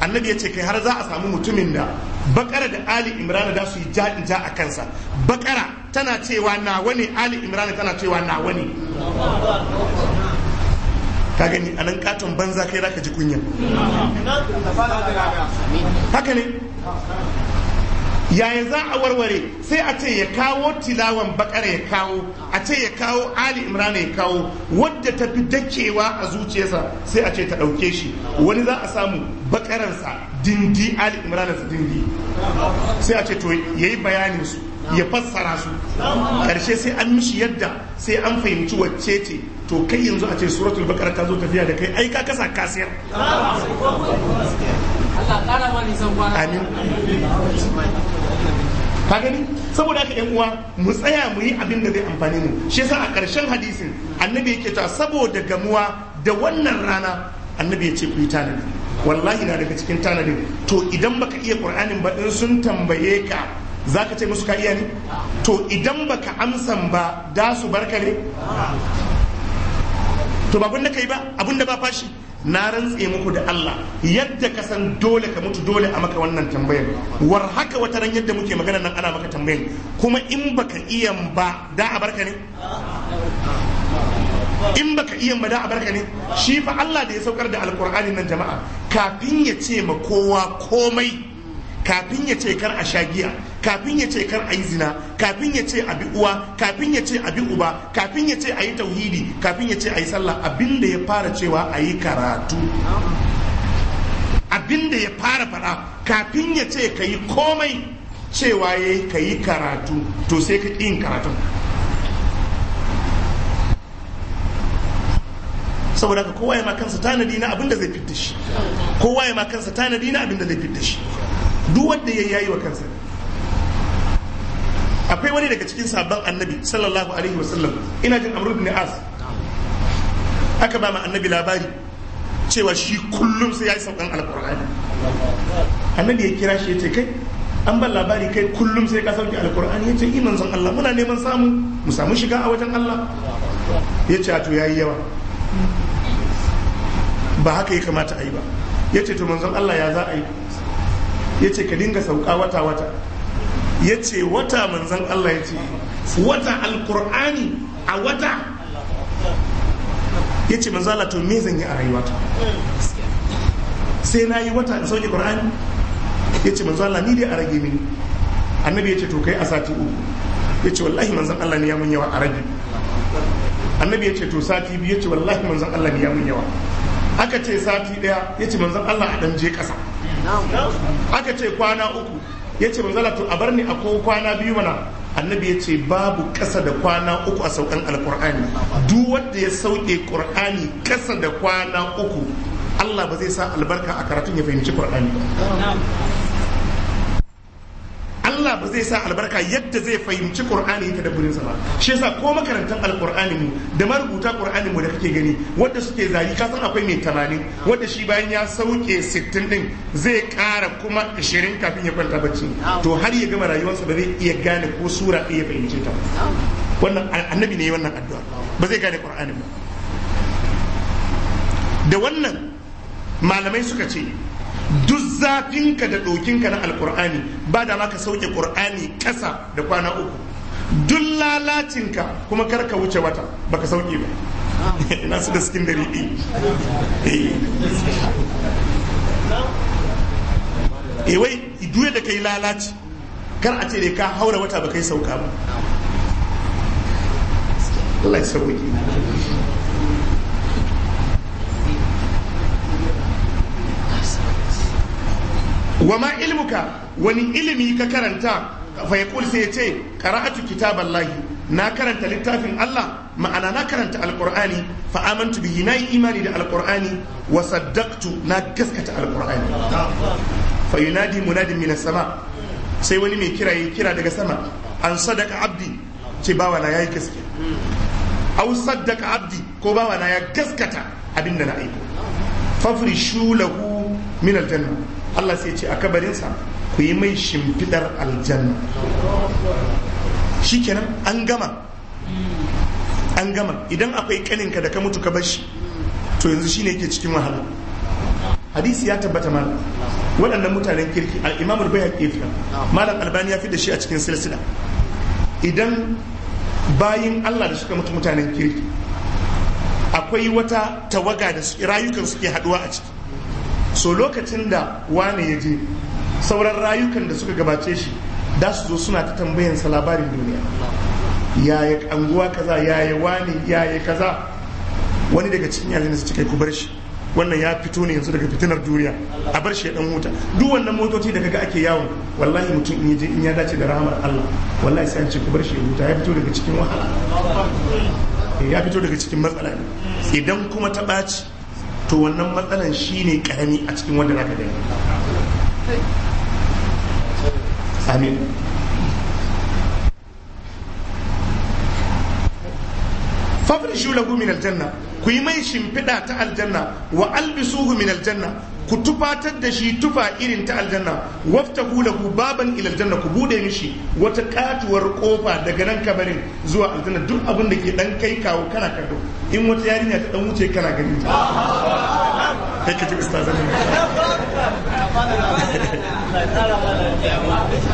annabi ya ce kai har za a samu mutumin da bakara da ali imran da su yi ja'in ja a kansa bakara tana cewa nawa ne ali imran tana cewa nawa ne ka gani a nan katon banza kai ka ji kunya haka ne yaya za a warware sai a ce ya kawo tilawan bakara ya kawo a ce ya kawo ali imrana ya kawo wadda ta fi dakewa a zuciyarsa sai a ce ta ɗauke shi wani za a samu bakaransa dindi ali imrana su dindi sai a ce to ya bayanin su ya fassara su karshe sai an mishi yadda sai an fahimci wacce ce to kai yanzu a ce suratul bakara ta zo tafiya da kai ai ka kasa kasiyar amin ka gani saboda haka yan uwa mu tsaya mu yi abin da zai amfani mu shi yasa a ƙarshen hadisin annabi yake ta saboda gamuwa da wannan rana annabi ya ce ku yi tanadi wallahi na daga cikin tanadin to idan baka iya qur'anin ba in sun tambaye ka zaka ce musu ka iya ne to idan baka amsan ba da su barka ne to ba da da kai ba abin da ba fashi na rantse muku da Allah yadda ka san dole ka mutu dole a maka wannan tambayar war haka wata ran yadda muke magana nan ana maka tambayar kuma in baka iya ba da a barka ne in baka iya ba da a barka ne shi fa Allah da ya saukar da alkur'ani nan jama'a kafin ya ce ma kowa komai kafin ya ce kar a sha giya kafin ya ce kar a yi zina kafin ya ce abi uwa kafin ya ce abi uba kafin ya ce a yi tauhidi kafin ya ce a yi sallah abinda ya fara cewa a yi karatu Abinda ya fara faɗa kafin ya ce ka yi komai cewa ya yi ka yi karatu to sai ka yin karatun saboda haka kowa ya ma kansa tanadi na abin zai fitta shi kowa ya ma tanadi na abin da zai fitta shi duk wanda ya yayi wa kansa akwai wani daga cikin sabon annabi sallallahu alaihi wasallam ina jin amru ne as aka ba ma annabi labari cewa shi kullum sai ya yi saukan alkur'ani annabi ya kira shi ya ce kai an ban labari kai kullum sai ka sauke alkur'ani ya ce iman san Allah muna neman samu mu samu shiga a wajen Allah ya ce to yi yawa ba haka ya kamata a yi ba ya ce to manzon Allah ya za a yi ya ce ka dinga sauka wata wata ya ce wata manzan Allah ya ce wata alkur'ani a wata ya ce manzan Allah to me zan yi a rayuwata sai na yi wata in sauke qur'ani ya ce manzan Allah ni dai a rage mini annabi ya ce to kai a sati uku ya ce wallahi manzan Allah ne ya mun yawa a rage annabi ya ce to sati biyu ya ce wallahi manzan Allah ne ya mun yawa aka ce sati daya ya ce manzan Allah a dan je kasa aka ce kwana uku ya ce manzala to a bar ni a ko kwana biyu mana annabi ya ce babu kasa da kwana uku a saukan alkur'ani duk wanda ya sauƙe kur'ani kasa da kwana uku Allah ba zai sa albarka a karatun ya fahimci kur'ani ba Allah ba zai sa albarka yadda zai fahimci Qur'ani ta dabburin sa ba shi yasa ko makarantan alqur'ani mu da marubuta Qur'ani mu da kake gani wanda suke zari ka san akwai mai 80 wanda shi bayan ya sauke 60 din zai ƙara kuma 20 kafin ya kwanta bacci to har ya gama rayuwarsa ba zai iya gane ko sura ɗaya fahimce ta wannan annabi ne wannan addu'a ba zai gane Qur'ani ba da wannan malamai suka ce duk zafinka da ɗokinka na alkur'ani ba da ma ka sauke ƙur'ani ƙasa da kwana uku duk lalacinka kuma kar ka wuce wata baka sauke ba na su da skin da riɗi e eh. eh wai duwe da kai lalaci kar a ce da ka haura wata baka yi sauka ba Allah ya sauke wa ma ilmuka wani ilimi ka karanta fa yaqul ya yace qara'atu kitaballahi na karanta littafin Allah ma'ana na karanta alqur'ani fa amantu bihi na yi imani da alqur'ani wa saddaqtu na gaskata alqur'ani fa yunadi munadin minas sama sai wani mai kira yayi kira daga sama an sadaka abdi ce bawa na yayi gaske aw saddaka abdi ko bawa na ya gaskata abinda na aiko fafrishu lahu min aljanna Allah sai ce a kabarinsa ku yi mai shimfidar aljanna shikenan an gama an gama idan akwai kaninka da ka mutu ka bashi to yanzu shine yake cikin wahala hadisi ya tabbata mal waɗannan mutanen kirki al-imam al-bayhaqi fi malam albani ya fi da shi a cikin silsila idan bayin Allah da suka mutu mutanen kirki akwai wata tawaga da rayukan suke haduwa a ciki so lokacin da wani ya je sauran rayukan da suka gabace shi da su zo suna ta tambayan sa labarin duniya yaya anguwa kaza yaya wane yaya kaza wani daga cikin yanzu su kai ku bar shi wannan ya fito ne yanzu daga fitinar duniya a bar shi ya dan huta duk wannan motoci da kaga ake yawon wallahi mutum in je in ya dace da rahamar Allah wallahi sai an ce ku bar shi ya huta ya fito daga cikin wahala eh, ya fito daga cikin matsala idan kuma ta ɓaci to wannan matsalan shine karami a cikin wanda zaka gani amin fafrishu lahu min aljanna ku yi mai shimfiɗa ta aljanna wa albisuhu min aljanna ku tufatar da shi tufa irin ta aljanna wafta ku baban ila aljanna ku bude mishi wata katuwar kofa daga nan kabarin zuwa aljanna duk abin da ke dan kai kawo kana kado in wata yarinya ta dan wuce kana gani kai ka ji ustazan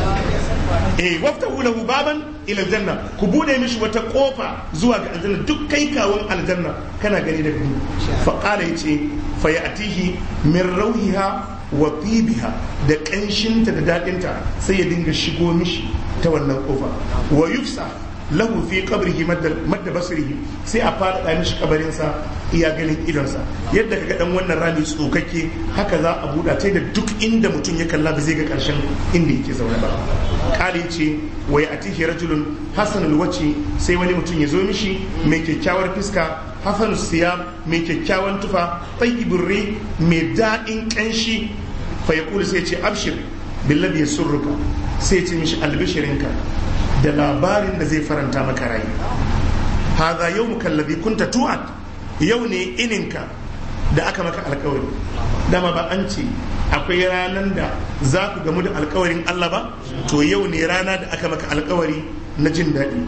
eh waftahu lahu baban ila aljanna ku bude mishi wata kofa zuwa ga aljanna duk kai kawon aljanna kana gani daga gudu fa qala yace fa ya'tihi min rauhiha wa tibiha da ta da ta sai ya dinga shigo mishi ta wannan kofa wa yufsa lahu fi qabrihi madda basrihi sai a fara da mishi kabarin sa iya ganin sa yadda kaga dan wannan rami tsokakke haka za a buɗa ta da duk inda mutum ya kalla ba zai ga karshen inda yake zaune ba kali ce wai atihi rajulun hasanul wace sai wani mutum ya zo mishi mai kyakkyawar fiska hasan siya mai kyakkyawan tufa tayyibur ri mai daɗin kanshi fa ya sai ce abshir billabi yasurruka sai ce mishi albishirinka da labarin da zai faranta maka rai hadha yawmuka alladhi kunta tu'ad yau ne ininka da aka maka alkawari dama ba an ce akwai ranar da za ku gamu da alkawarin Allah ba to yau ne rana da aka maka alkawari na jin daɗi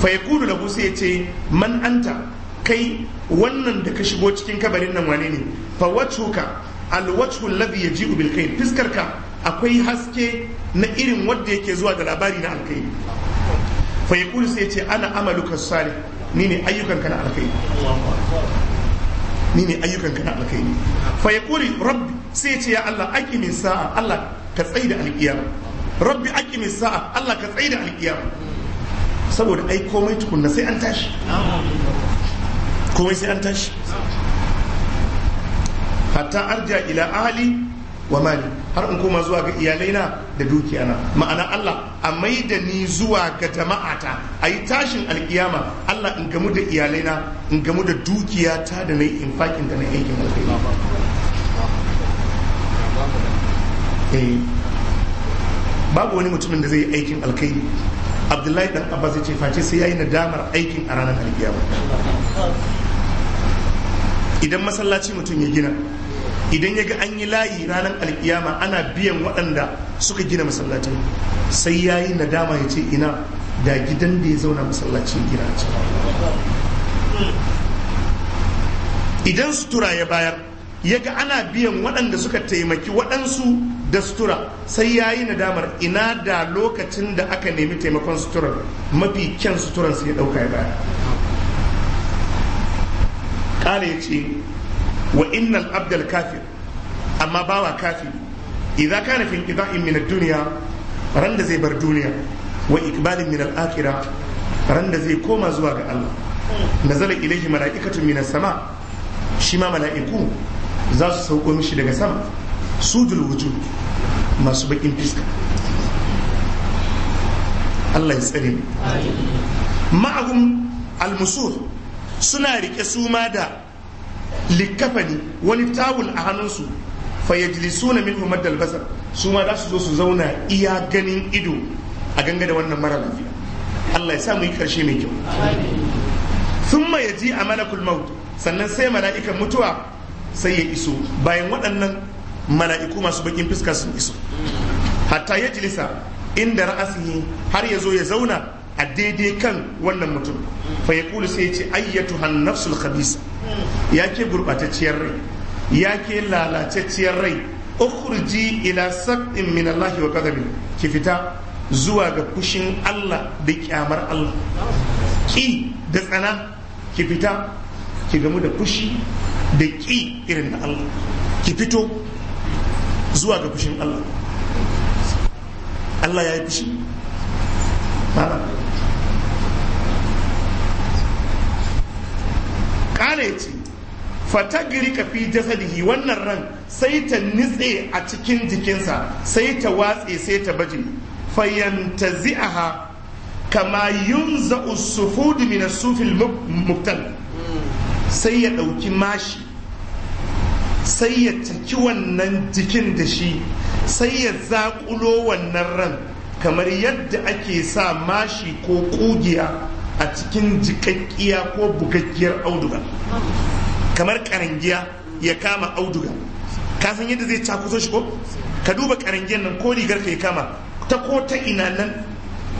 fa ya kudu sai ya ce man anta kai wannan da ka shigo cikin kabarin nan wane ne fa alwacu alwajhu ya yaji'u bil fiskarka akwai haske na irin wanda yake zuwa da labari na alkai fa sai ce ana amaluka salih ni ne alkhairi ni ne ayyukan kana alkhairi fa rabbi sai ce ya Allah aqimi sa'a Allah ka tsaida alqiyama rabbi aqimi sa'a Allah ka saboda ai komai tukunna sai an tashi komai sai an tashi hatta arja ila ahli wa mali har in koma zuwa ga iyalaina da dukiyana ma'ana Allah a mai da ni zuwa ga jama'ata a yi tashin alkiyama Allah in gamu da iyalaina in gamu da dukiyata da na yi infakin da na aikin alkhairi eh. babu wani mutumin da zai yi aikin alkhairi abdullahi dan abbas ya ce face sai ya yi nadamar aikin a ranar alkiyama idan masallaci mutum ya gina idan ya ga an yi layi ranar alkiyama ana biyan waɗanda suka gina masallacin sai ya yi nadama ya ce ina da gidan da ya zauna masallacin gina ce idan sutura ya bayar ya ga ana biyan waɗanda suka taimaki waɗansu da sutura sai ya yi nadamar ina da lokacin da aka nemi taimakon suturar mafi kyan suturan su ya ɗauka ya bayar ƙara ya ce wa innal abdal kafir amma bawa kafiri idza kana fi inqita'in min ad-dunya ran da zai bar duniya wa ikbalin min al-akhirah ran da zai koma zuwa ga Allah nazala ilayhi mala'ikatun min as-sama shi ma mala'iku za su sauko mishi daga sama sudul wujud masu bakin fiska Allah ya tsare mu ma'ahum al-musur suna rike su ma da likafani wani tawul a hannunsu fayajlisuna minhu maddal basar su ma za su zo su zauna iya ganin ido a ganga da wannan mara lafiya Allah ya sa mu yi karshe mai kyau ya ji a malakul maut sannan sai mala'ikan mutuwa sai ya iso bayan waɗannan mala'iku masu bakin fuska sun iso hatta ya jilisa inda ra'asihi har ya zo ya zauna a daidai kan wannan mutum fa ya kulu sai ya ce ayyatu hannafsul khabisa ya ke gurɓatacciyar rai ya ke lalatacciyar rai ukhruji ila saqin min Allah wa ghadabin ki fita zuwa ga kushin Allah da kyamar Allah ki da tsana ki fita ki gamu da kushi da ki irin na Allah ki fito zuwa ga kushin Allah Allah ya yi fushi kala ya ce ka fi jasadihi wannan ran sai ta nitse a cikin jikinsa sai ta watse sai ta baje ziaha kama yun za'u sufudu min sufil muktal sai ya ɗauki mashi sai ya taki wannan jikin da shi sai ya zaƙulo wannan ran kamar yadda ake sa mashi ko ƙugiya a cikin jikakkiya ko bukakkiyar auduga kamar karangiya ya kama auduga ka san yadda zai cakuso shi ko ka duba karangiyar nan ko rigar ka ya kama ta ko ta ina nan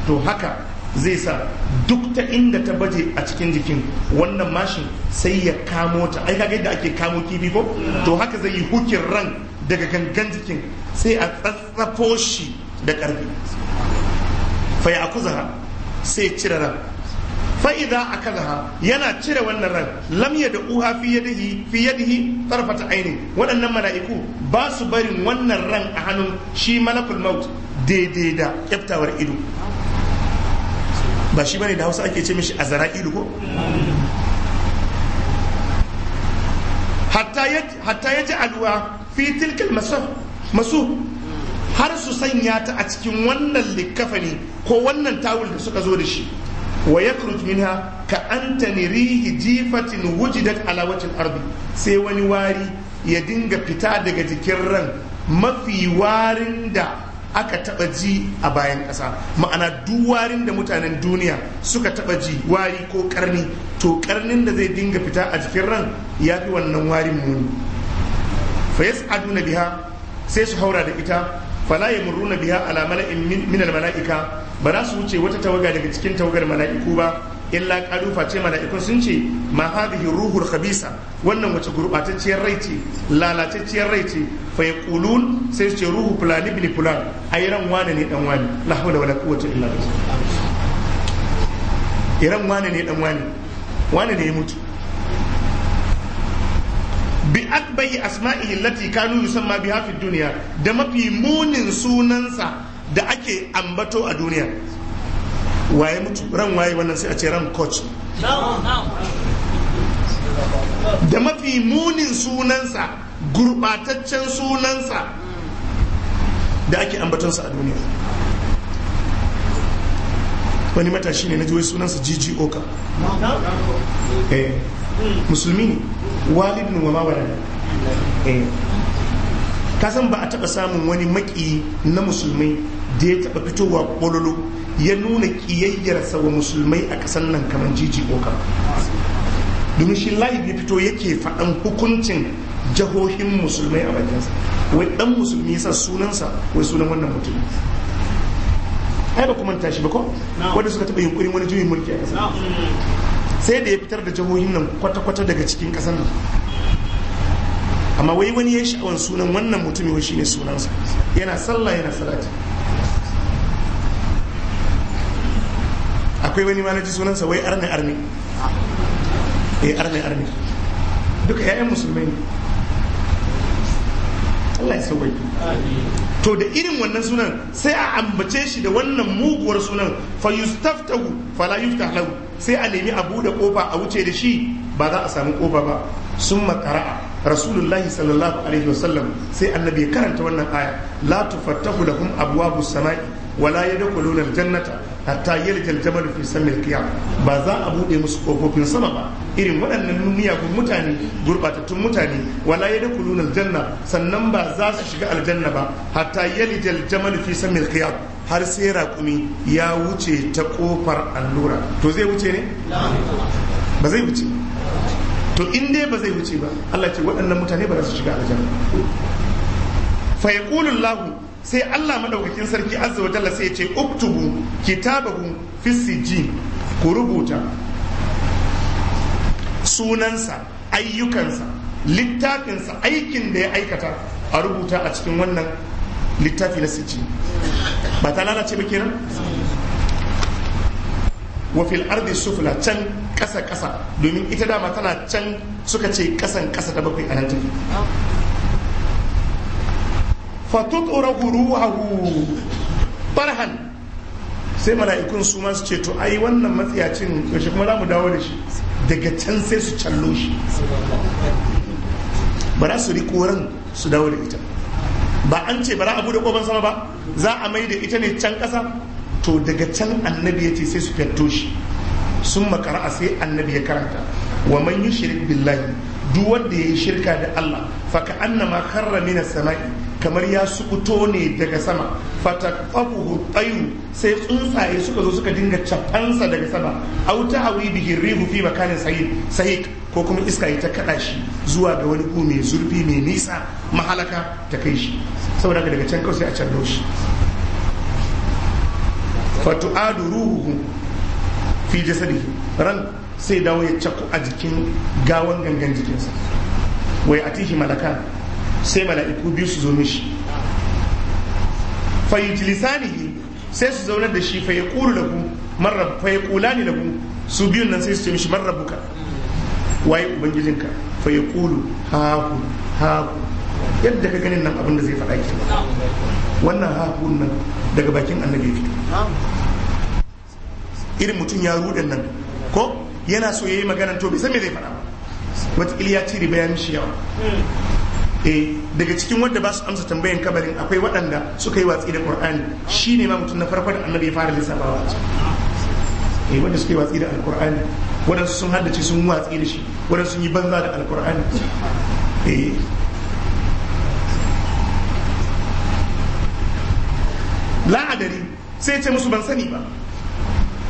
to haka zai sa duk ta inda ta baje a cikin jikin wannan mashin sai ya kamo ta ai kaga yadda ake kamo kifi ko to haka zai yi hukin ran daga gangan jikin sai a tsatsafo shi da karfi fa ya akuzaha sai cire ran fa'iza ha yana cire wannan ran lamya da uha fi yadihi fi yadihi tarfata aini waɗannan mala'iku ba su barin wannan ran a hannun shi malakul maut daidai da kyaftawar ido ba shi bane da Hausa ake ce mishi azara ido ko hatta ya ji aduwa fi tilkin masu har su sanya ta a cikin wannan likkafani ko wannan tawul da suka zo da shi wa yakhruj minha ka ni rihi jifatin wujidat ala alawacin ardi sai wani wari ya dinga fita daga jikin ran mafi warin da aka taba ji a bayan ƙasa ma'ana duk warin da mutanen duniya suka taba ji wari ko karni to karnin da zai dinga fita a jikin ran ya fi wannan warin muni fa yas'aduna biha sai su haura da ita fala yamurruna biya ala mala'in min al mala'ika ba za su wuce wata tawaga daga cikin tawagar mala'iku ba illa qalu ce mala'ikun sun ce ma hadhihi ruhul khabisa wannan wace gurbatacciyar rai ce lalatacciyar rai ce fa yaqulun sai su ce ruhu fulan ibn fulan ai ran ne dan wani la hawla wala quwwata illa billah iran wani ne dan wani wani ne ya mutu bi akbahi asma'ihi lati kanu yusamma biha fi dunya da mafi munin sunansa da ake ambato a duniya waye mutu ran waye wannan sai a ce ran coach da mafi munin sunansa gurbataccen sunansa da ake sa a duniya wani matashi ne na ji wai sunansa Jiji Oka. Eh. musulmi ne walidin wa Ka eh. kasan ba a taba samun wani maki na musulmai da ya taba fitowa ƙololo ya nuna ƙiyayyarsa wa musulmai a kasan nan kamar jiji ƙoƙar domin shi layi ya fito yake faɗan hukuncin jahohin musulmai a bakinsa wai ɗan musulmi yasa sunansa wai sunan wannan mutum ai ba kuma tashi ba ko wanda suka taɓa yunkurin wani juyin mulki a ƙasa sai da ya fitar da jihohin nan kwata-kwata daga cikin ƙasar nan amma wai wani ya sha'awar sunan wannan mutumin shi shine sunansa yana sallah yana salati akwai wani manaji sunansa wai arne arne eh arne arne duka ƴaƴan musulmai ne Allah ya sauwai to da irin wannan sunan sai a ambace shi da wannan muguwar sunan fa yustaftahu fala yuftah lahu sai a nemi a buɗe kofa a wuce da shi ba za a sami kofa ba sun makara'a rasulullahi sallallahu alaihi wasallam sai annabi ya karanta wannan aya la tufattahu lahum abwabu samai wala yadkhuluna aljannata hatta yalja aljamal fi sammi alqiyam ba za a bude musu kofofin sama ba irin waɗannan ko mutane gurbatattun mutane wala yadkhuluna aljanna sannan ba za su shiga aljanna ba hatta yalja aljamal fi sammi alqiyam har sai raƙumi ya wuce ta ƙofar allura to zai wuce ne ba zai wuce to in dai ba zai wuce ba Allah ce waɗannan mutane ba za su shiga aljanna fa yaqulu lahu, sai Allah maɗaukakin sarki azza wa jalla sai ya ce uktubu kitabahu fi sijin ku rubuta sunansa ayyukansa littafinsa aikin da ya aikata a rubuta a cikin wannan littafi na sijji ba ta lalace ba kenan wa fil ardi sufla can kasa kasa domin ita dama tana can suka ce kasan kasa ta bakwai a nan Fa fatutura ruhahu farhan sai mala'ikun su ma su ce to ai wannan matsiyacin yaushe kuma za mu dawo da shi daga can sai su callo shi ba za su riƙo ran su dawo da ita ba an ce bara za a bude kofar sama ba za a mai da ita ne can ƙasa to daga can annabi ya ce sai su fetto shi sun makara a sai annabi ya karanta wa man yi shirik billahi duk wanda ya yi shirka da Allah fa ka annama karra mina sama'i kamar ya sukuto ne daga sama fata qafuhu sai tsuntsaye suka zo suka dinga cafansa daga sama au hawi bihi rihu fi makanin sahiq ko kuma iska yi ta kaɗa shi zuwa ga wani ku mai zurfi mai nisa mahalaka ta kai shi saboda daga can kawai sai a can shi fatu'adu ruhu fi jasadi ran sai dawo ya cakku a jikin gawan gangan jikinsa wai a tihi malaka sai mala'iku biyu su zo mishi fayutilisanihi sai su zaunar da shi fa da ku kula ne da ku su biyun nan sai su ce mishi buka waye ubangijinka fa ya kulu haku haku yadda ka ganin nan abin da zai faɗa ki wannan haku nan daga bakin annabi fito irin mutum ya rudan nan ko yana so yayi magana to bai san me zai faɗa ba wata iliya ci riba ya mishi yawa eh daga cikin wanda ba su amsa tambayan kabarin akwai waɗanda suka yi watsi da qur'ani shine ma mutum na farko da annabi ya fara lissafawa eh wanda suke watsi da alkur'ani waɗansu sun haddace sun watsi da shi waɗansu sun yi banza da alkur'ani eh la'adari sai ce musu ban sani ba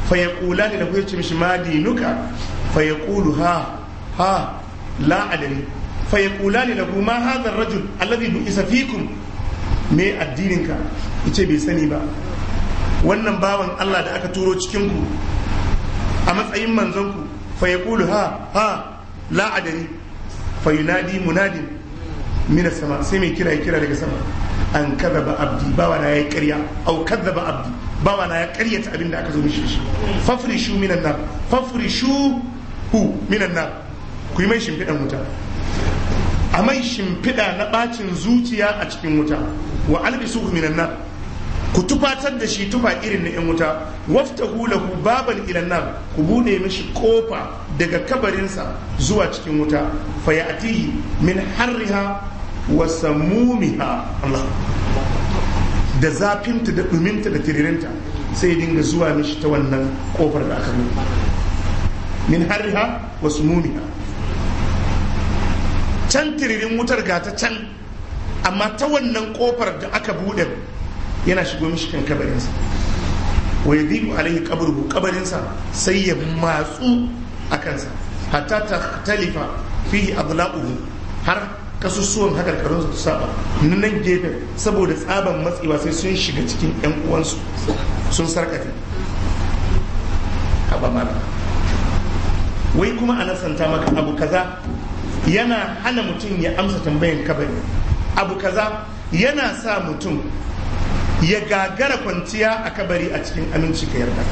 fa ya kula da ya ce mishi dinuka fa ya kulu ha ha la'adari fa ya kula da ma hadha rajul alladhi bu'isa fikum me addininka yace bai sani ba wannan bawan Allah da aka turo cikin ku a matsayin manzonku, ku fa yaqulu ha ha la adari fa yunadi munadin min sama sai mai kira kira daga sama an kadaba abdi bawa na yayi ƙarya au kadaba abdi bawa na ya ƙaryata abin da aka zo mishi shi fafrishu minan nar fafrishu hu minan nar ku yi mai shimfiɗan wuta a mai shimfiɗa na ɓacin zuciya a cikin wuta wa albisu minan nar ku tufatar da shi tufa irin na 'yan wuta wafta ku babal ilan nan ku bude mishi kofa daga kabarinsa zuwa cikin wuta fayatihi min harriha wa samumiha Allah da zafinta da ɗuminta da tiririnta sai dinga zuwa mishi ta wannan kofar da aka nuna min harriha wa samumiha can tiririn wutar gata can amma ta wannan kofar da aka buɗe yana shigo mishi kan kabarinsa wa yadibu alaihi qabruhu kabarinsa sai ya matsu a kansa hatta takhtalifa fihi adla'uhu har kasusuwan hakarkarun su saba na nan gefen saboda tsaban matsewa sai sun shiga cikin yan uwansu sun sarkate haba wai kuma a santa maka abu kaza yana hana mutum ya amsa tambayan kabari abu kaza yana sa mutum ya gagara kwanciya a kabari a cikin aminci ka yarda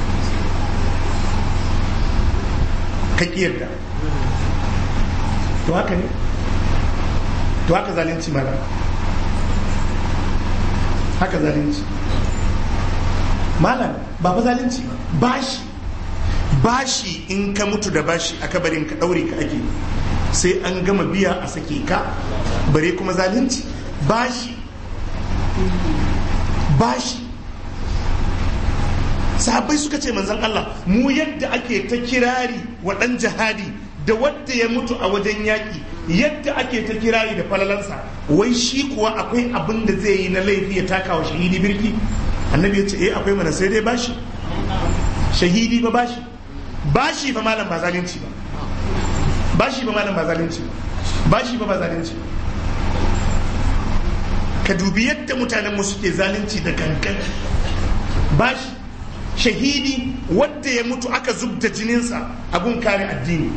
ka yarda to haka ne to haka zalunci mara haka zalunci malam ba fa zalunci ba bashi bashi in ka mutu da bashi a kabarin ka ɗaure ka ake sai an gama biya a sake ka bare kuma zalunci bashi bashi sahabbai suka ce manzan Allah mu yadda ake ta kirari wa ɗan jihadi da wadda ya mutu a wajen yaƙi yadda ake ta kirari da falalansa wai shi kuwa akwai abin da zai yi na laifi ya taka wa shahidi birki annabi ya ce eh akwai mana sai dai bashi shahidi ba bashi bashi ba malam ba zalunci ba bashi ba malam ba zalunci ba bashi ba ba zalunci ba ka dubi yadda mutanen mu suke zalunci da gangan bashi shahidi wadda ya mutu aka zubda jininsa abun kare addini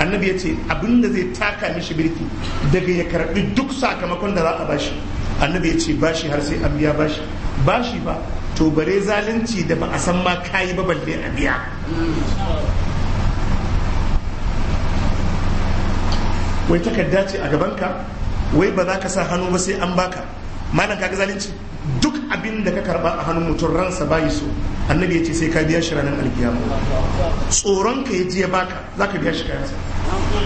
annabi ya ce abin da zai taka mishi birki daga ya karbi duk sakamakon da za a bashi annabi ya ce bashi har sai an biya bashi bashi ba to bare zalunci da ba a san ma kayi ba balle a biya wai takarda ce a gabanka wai ba za ka sa hannu ba sai an baka malam kaga zalunci duk abin da ka karba a hannun mutum ransa yi so annabi ya ce sai ka biya shi ranar alkiyama tsoron ka ya je baka za ka biya shi kayansa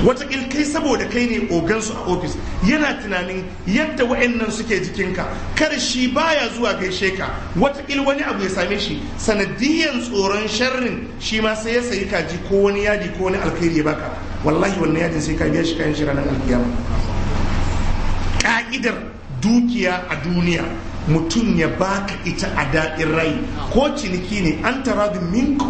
watakil kai saboda kai ne ogansu a ofis yana tunanin yadda wa'annan suke jikinka kar shi baya zuwa gaishe ka watakil wani abu ya same shi sanadiyan tsoron sharrin shi ma sai ya sayi kaji ko wani yadi ko wani alkhairi ya baka wallahi wannan yadin sai ka biya shi kayan shi ranar alkiyama ka'idar dukiya a duniya mutum ya baka ita a daɗin rai ko ciniki ne an tara da minku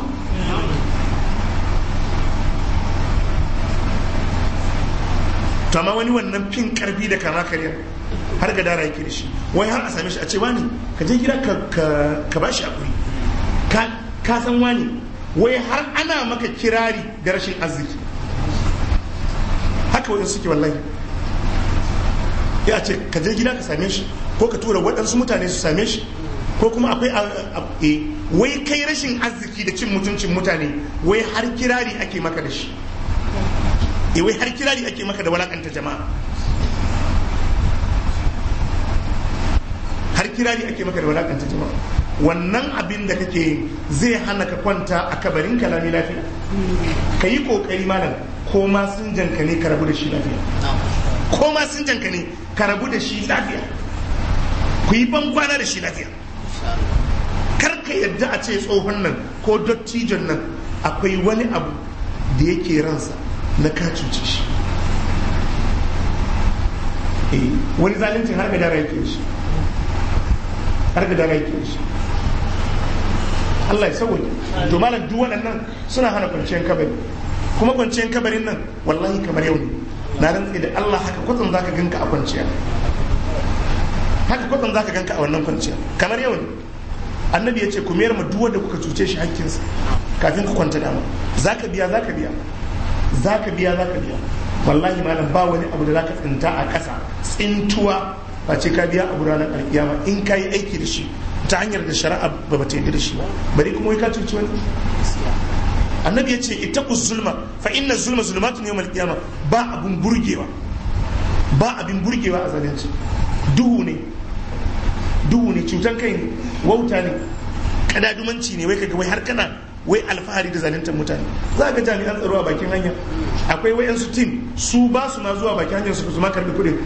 tama wani wannan fin karfi da kama karya har ga dara yake da shi wai har a same shi a ce wani ka je gida ka ba shi kuri ka san wani wai har ana maka kirari da rashin arziki haka wajen suke wallahi ya ce ka je gida ka same shi ko ka tura waɗansu mutane su same shi ko kuma akwai e, wai kai rashin arziki da cin mutuncin mutane wai har kirari ake maka da shi e wai har kirari ake maka da walakanta jama'a har kirari ake maka da walakanta jama'a wannan abin da kake zai hana ka kwanta a kabarin kalami lafiya ka yi kokari malam ko ma sun janka ne ka rabu da shi lafiya ko ma sun janka ne ka rabu da shi lafiya ku yi ban kwana da shi lafiya kar ka yadda a ce tsohon nan ko dottijon nan akwai wani abu da yake ransa na ka cuce shi eh, wani zalincin har ga dara yake shi har ga dara yake shi Allah ya sauwaje to malam duk waɗannan suna hana kwanciyar kabari kuma kwanciyar kabarin nan wallahi kamar yau ne na rantsi da Allah haka ka zaka ganka a kwanciya haka ka zaka ganka a wannan kwanciya kamar yau ne annabi ya ce ku mayar ma duk da kuka cuce shi hakkinsa kafin ku kwanta dama zaka biya zaka biya zaka biya zaka biya wallahi malam ba wani abu da zaka tsinta a ƙasa tsintuwa ba ce ka biya a ranar alkiyama in ka yi aiki da shi ta hanyar da shari'a ba ba ta yi da shi ba bari kuma wai ka cuci wani annabi ya ce ku zulma fa inna zulma zulumatun yawmal qiyamah ba abun burgewa ba abin burgewa a zalunci duhu ne duhu ne cutan kai ne wauta ne kadadumanci ne wai kaga wai har kana wai alfahari da zaluntar mutane za ga jami'an tsaro a bakin hanya akwai wayansu tim su ba su ma zuwa bakin hanyar su su ma karbi kuɗin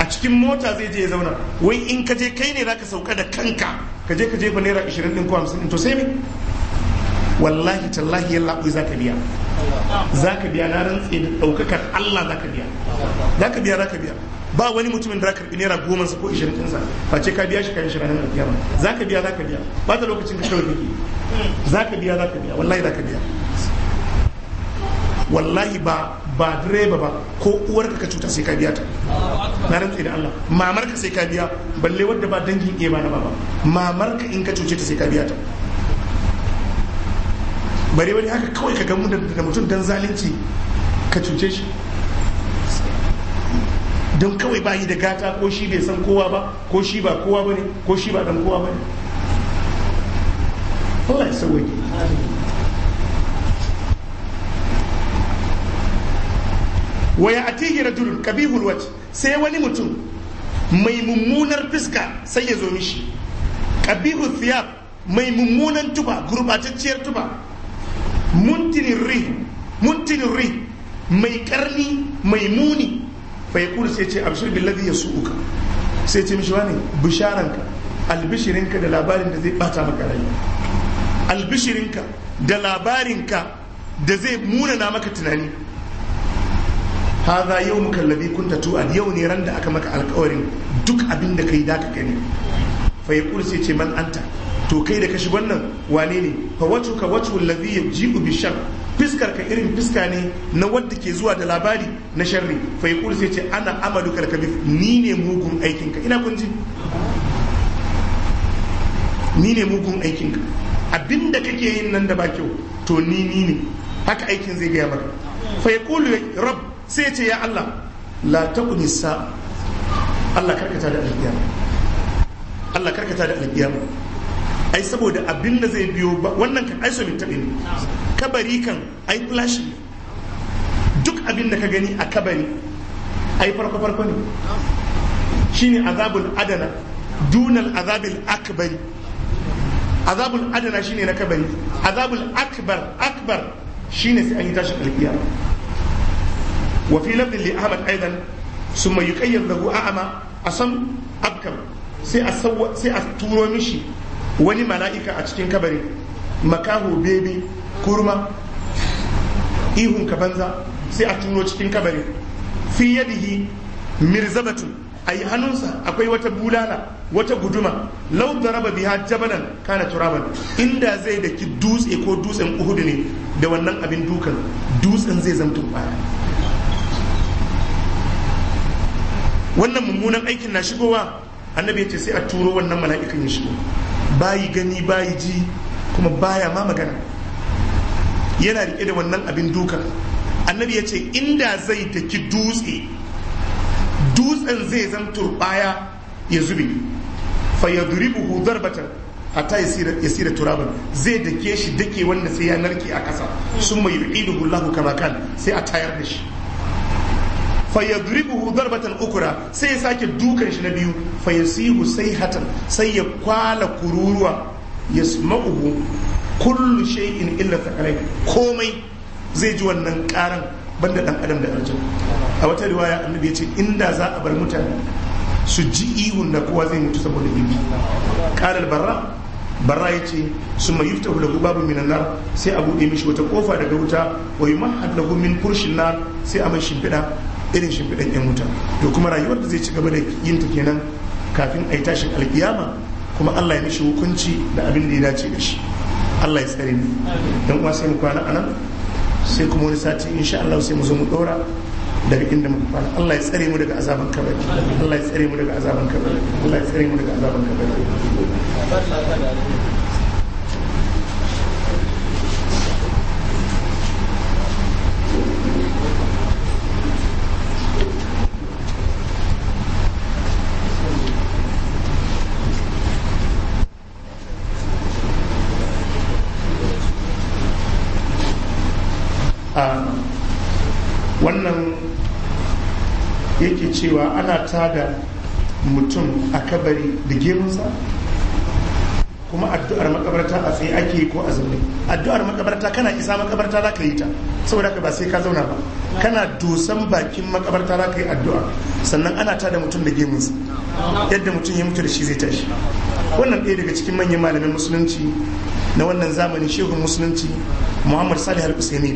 a cikin mota zai je ya zauna wai in ka je kai ne zaka sauka da kanka ka je ka jefa naira 20 din ko 50 to sai me wallahi tallahi yalla za ka biya Za ka biya na rantsi da ɗaukakar Allah ka biya Za ka biya za ka biya ba wani mutumin da zaka naira goma sa ko ishirin din sa face ka biya shi kan shi ranar kiyama ka biya za ka biya ba ta lokacin ka shawar Za ka biya za ka biya wallahi ka biya wallahi ba ba direba ba ko uwarka ka cuta sai ka biya ta na rantsi da Allah mamarka sai ka biya balle wadda ba dangin iya ba na baba mamarka in ka cuce ta sai ka biya ta bare wani haka kawai ka gamu da mutum don zalunci ka cuce shi don kawai ba yi da gata ko shi bai san kowa ba ko shi ba kowa ba ne ko shi ba dan kowa ba ne Allah ya sauwaye wa ya atihi rajulun kabihul wajh sai wani mutum mai mummunar fiska sai ya zo mishi kabihul thiyab mai mummunan tuba gurbatacciyar tuba Muntinin ri muntinin ri mai karni mai muni fa yaqulu sai ce abshir billazi yasuuka sai ce mishi wani bisharanka albishirinka da labarin da zai bata maka rai albishirinka da labarinka da zai munana maka tunani haza yau muka labi kunta tu'ad yau ne ran da aka maka alkawarin duk abin da kai da ka gani fa ya kursi ce man anta to kai da kashi wannan, wane ne fa wacu, ka wacce ya ji bi shar fiskar ka irin fiska ne na wanda ke zuwa da labari na sharri fa yaqulu sai ce ana Amadu kalkabif ni ne mugun aikin ka ina kun ji ni ne mugun aikin ka abinda kake yin nan da ba kyau to ni ni ne haka aikin zai gaya maka fa yaqulu rabb sai ce ya Allah la taqni sa Allah karkata da alkiyama Allah karkata da alkiyama ai saboda abin da zai biyo ba wannan kan aiso somi taɓe ne kabari kan ai flash duk abin da ka gani a kabari ai farko farko ne shine azabul adana dunal azabil akbari azabul adana shine na kabari azabul akbar akbar shine sai an yi tashin alkiyama wa fi lafdin li ahmad aidan summa yuqayyad lahu a'ama asam abkam sai a sai a turo mishi wani mala'ika a cikin kabari makaho bebi, kurma ihun kabanza, sai a tuno cikin kabari fi yadihi mirzabatu a yi hannunsa akwai wata bulala wata guduma lau daraba biha jabanan kana turaban inda zai daki dutse ko dutsen uhudu ne da wannan abin dukan dutsen zai zamtun baya wannan mummunan aikin na shigowa annabi ya ce sai a turo wannan mala'ikan ya shigo bayi gani bayi ji kuma baya ma magana yana riƙe da wannan abin duka annabi ya ce inda zai taki dutse dutsen zai zan turbaya ya zubi. zube fayadribuhu darbatan hatta ya sira turaban zai dake shi dake wanda sai ya narke a ƙasa sun mai yu'iduhu Allahu kama kan sai a tayar da shi fa yadribuhu darbatan ukura sai ya sake dukan shi na biyu fa yasihu sayhatan sai ya kwala kururuwa yasma'uhu kullu shay'in illa thakalai komai zai ji wannan karan banda dan adam da aljan a wata riwaya annabi ya ce inda za a bar mutane su ji ihun na kowa zai mutu saboda ibi karar barra barra ya ce su mai yufta hulagu babu minan nar sai a buɗe mishi wata kofa daga wuta wa yi mahad lahu min nar sai a mai shimfiɗa irin shimfiɗan yan wuta to kuma rayuwar da zai ci gaba da yin ta kenan kafin a yi tashin alkiyama kuma Allah ya mishi hukunci da abin da ya dace da shi Allah ya tsare ni don uwa sai mu kwana anan sai kuma wani sati insha Allah sai mu zo mu ɗora daga inda muka kwana Allah ya tsare mu daga azaban kabari Allah ya tsare mu daga azaban kabari Allah ya tsare mu daga azaban kabari cewa ana tada mutum a kabari da gemunsa kuma addu'ar makabarta a tsaye ake ko a zaune addu'ar makabarta kana isa makabarta za ka yi ta saboda ka ba sai ka zauna ba kana dusan bakin makabarta za ka yi addu'a sannan ana tada mutum da gemunsa yadda mutum ya mutu da shi zai tashi wannan ɗaya daga cikin manyan malamin musulunci na wannan zamani shehun musulunci muhammad salih al-usaini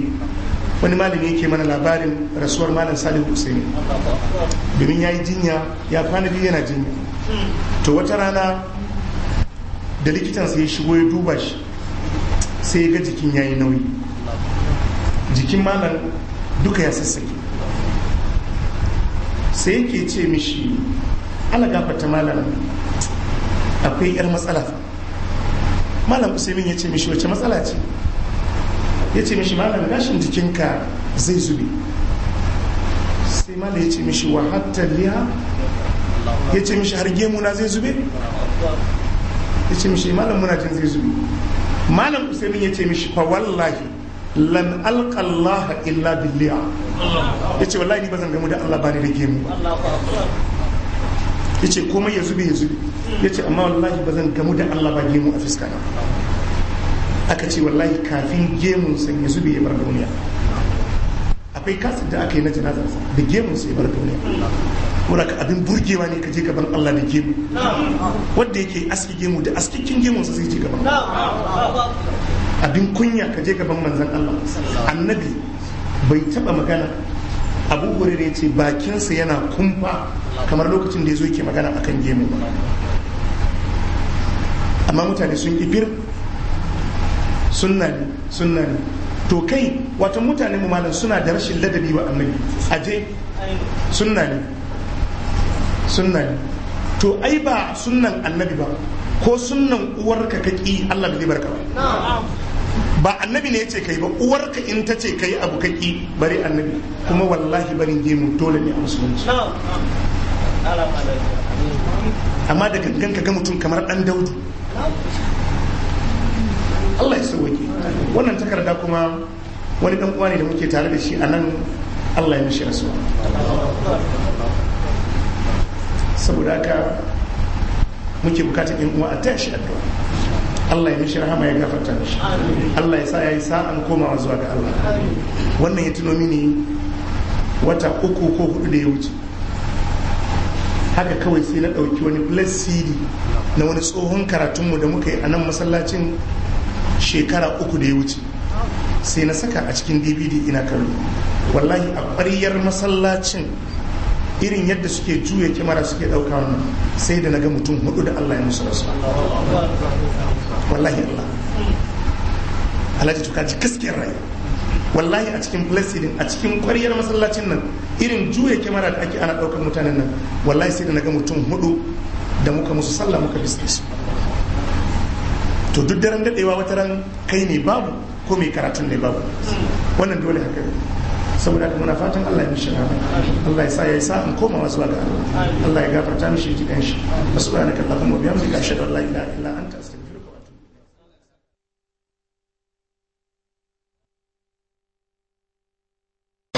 wani malami yake mana labarin rasuwar malam salihu usaini domin ya yi jinya ya kwana biyu yana jinya to wata rana da likitansa ya shigo ya duba shi sai ya ga jikin ya yi nauyi jikin malam duka ya sassake sai yake ce mishi ala gafata malam akwai 'yar matsala malam usaimin ya ce mishi wace matsala ce ya ce mishi malam gashin jikinka zai zube sai malam ya ce mishi wa hatta liya ya ce mishi har gemuna zai zube ya ce mishi malam muna jin zai zube malam usaimin ya ce mishi fa wallahi lan alƙallaha illa billiya ya ce wallahi ni ba zan gamu da allah ba da gemu ya ce komai ya zube ya zube ya ce amma wallahi ba zan gamu da allah ba gemu a fuska na aka ce wallahi kafin gemun san ya zube ya bar duniya akwai kasar da aka yi na janazarsa da gemun sai bar duniya ka abin burgewa ne ka je gaban Allah da gemu wanda yake aski gemu da askikin gemun sa zai je gaban abin kunya ka je gaban manzon Allah annabi bai taba magana abu hurairu ya ce bakinsa yana kumfa kamar lokacin da ya zo yake magana akan gemu ba amma mutane sun kifir sunna ne sunna ne to kai wato mutane mu malam suna da rashin ladabi wa annabi aje sunna ne sunna ne to ai ba sunnan annabi ba ko sunnan uwarka ka ki Allah bai barka ba ba annabi ne yace kai ba uwarka in ta ce kai abu ka ki bari annabi kuma wallahi barin gemu dole ne a musulunci amma da gangan ka ga mutum kamar dan daudu Allah ya sauke wannan takarda kuma wani dan uwa ne da muke tare da shi a nan Allah ya mishi rasuwa saboda haka muke bukatar yan uwa a taya shi addu'a Allah ya mishi rahama ya gafarta mishi Allah ya sa yayi sa'an komawa zuwa ga Allah wannan ya tuno mini wata uku ko hudu da ya wuce haka kawai sai na ɗauki wani blessed cd na wani tsohon karatunmu da muka yi a nan masallacin shekara uku da ya wuce sai na saka a cikin dvd ina kallo wallahi a ƙwaryar masallacin irin yadda suke juya kimara suke ɗauka wannan sai da na ga mutum hudu da allah ya musu rasu wallahi allah alhaji tuka ji gaskiyar rai wallahi a cikin blessing a cikin ƙwaryar masallacin nan irin juya kimara da ake ana ɗaukar mutanen nan wallahi sai da na ga mutum hudu da muka musu sallah muka biske su to duk daren dadewa wata ran kai ne babu ko mai karatun ne babu wannan dole haka saboda haka muna fatan Allah ya mishi rahama Allah ya sa ya sa an koma wasu ga Allah ya gafarta mishi jikan shi subhanaka allahumma wa bihamdika ashhadu an la ilaha illa anta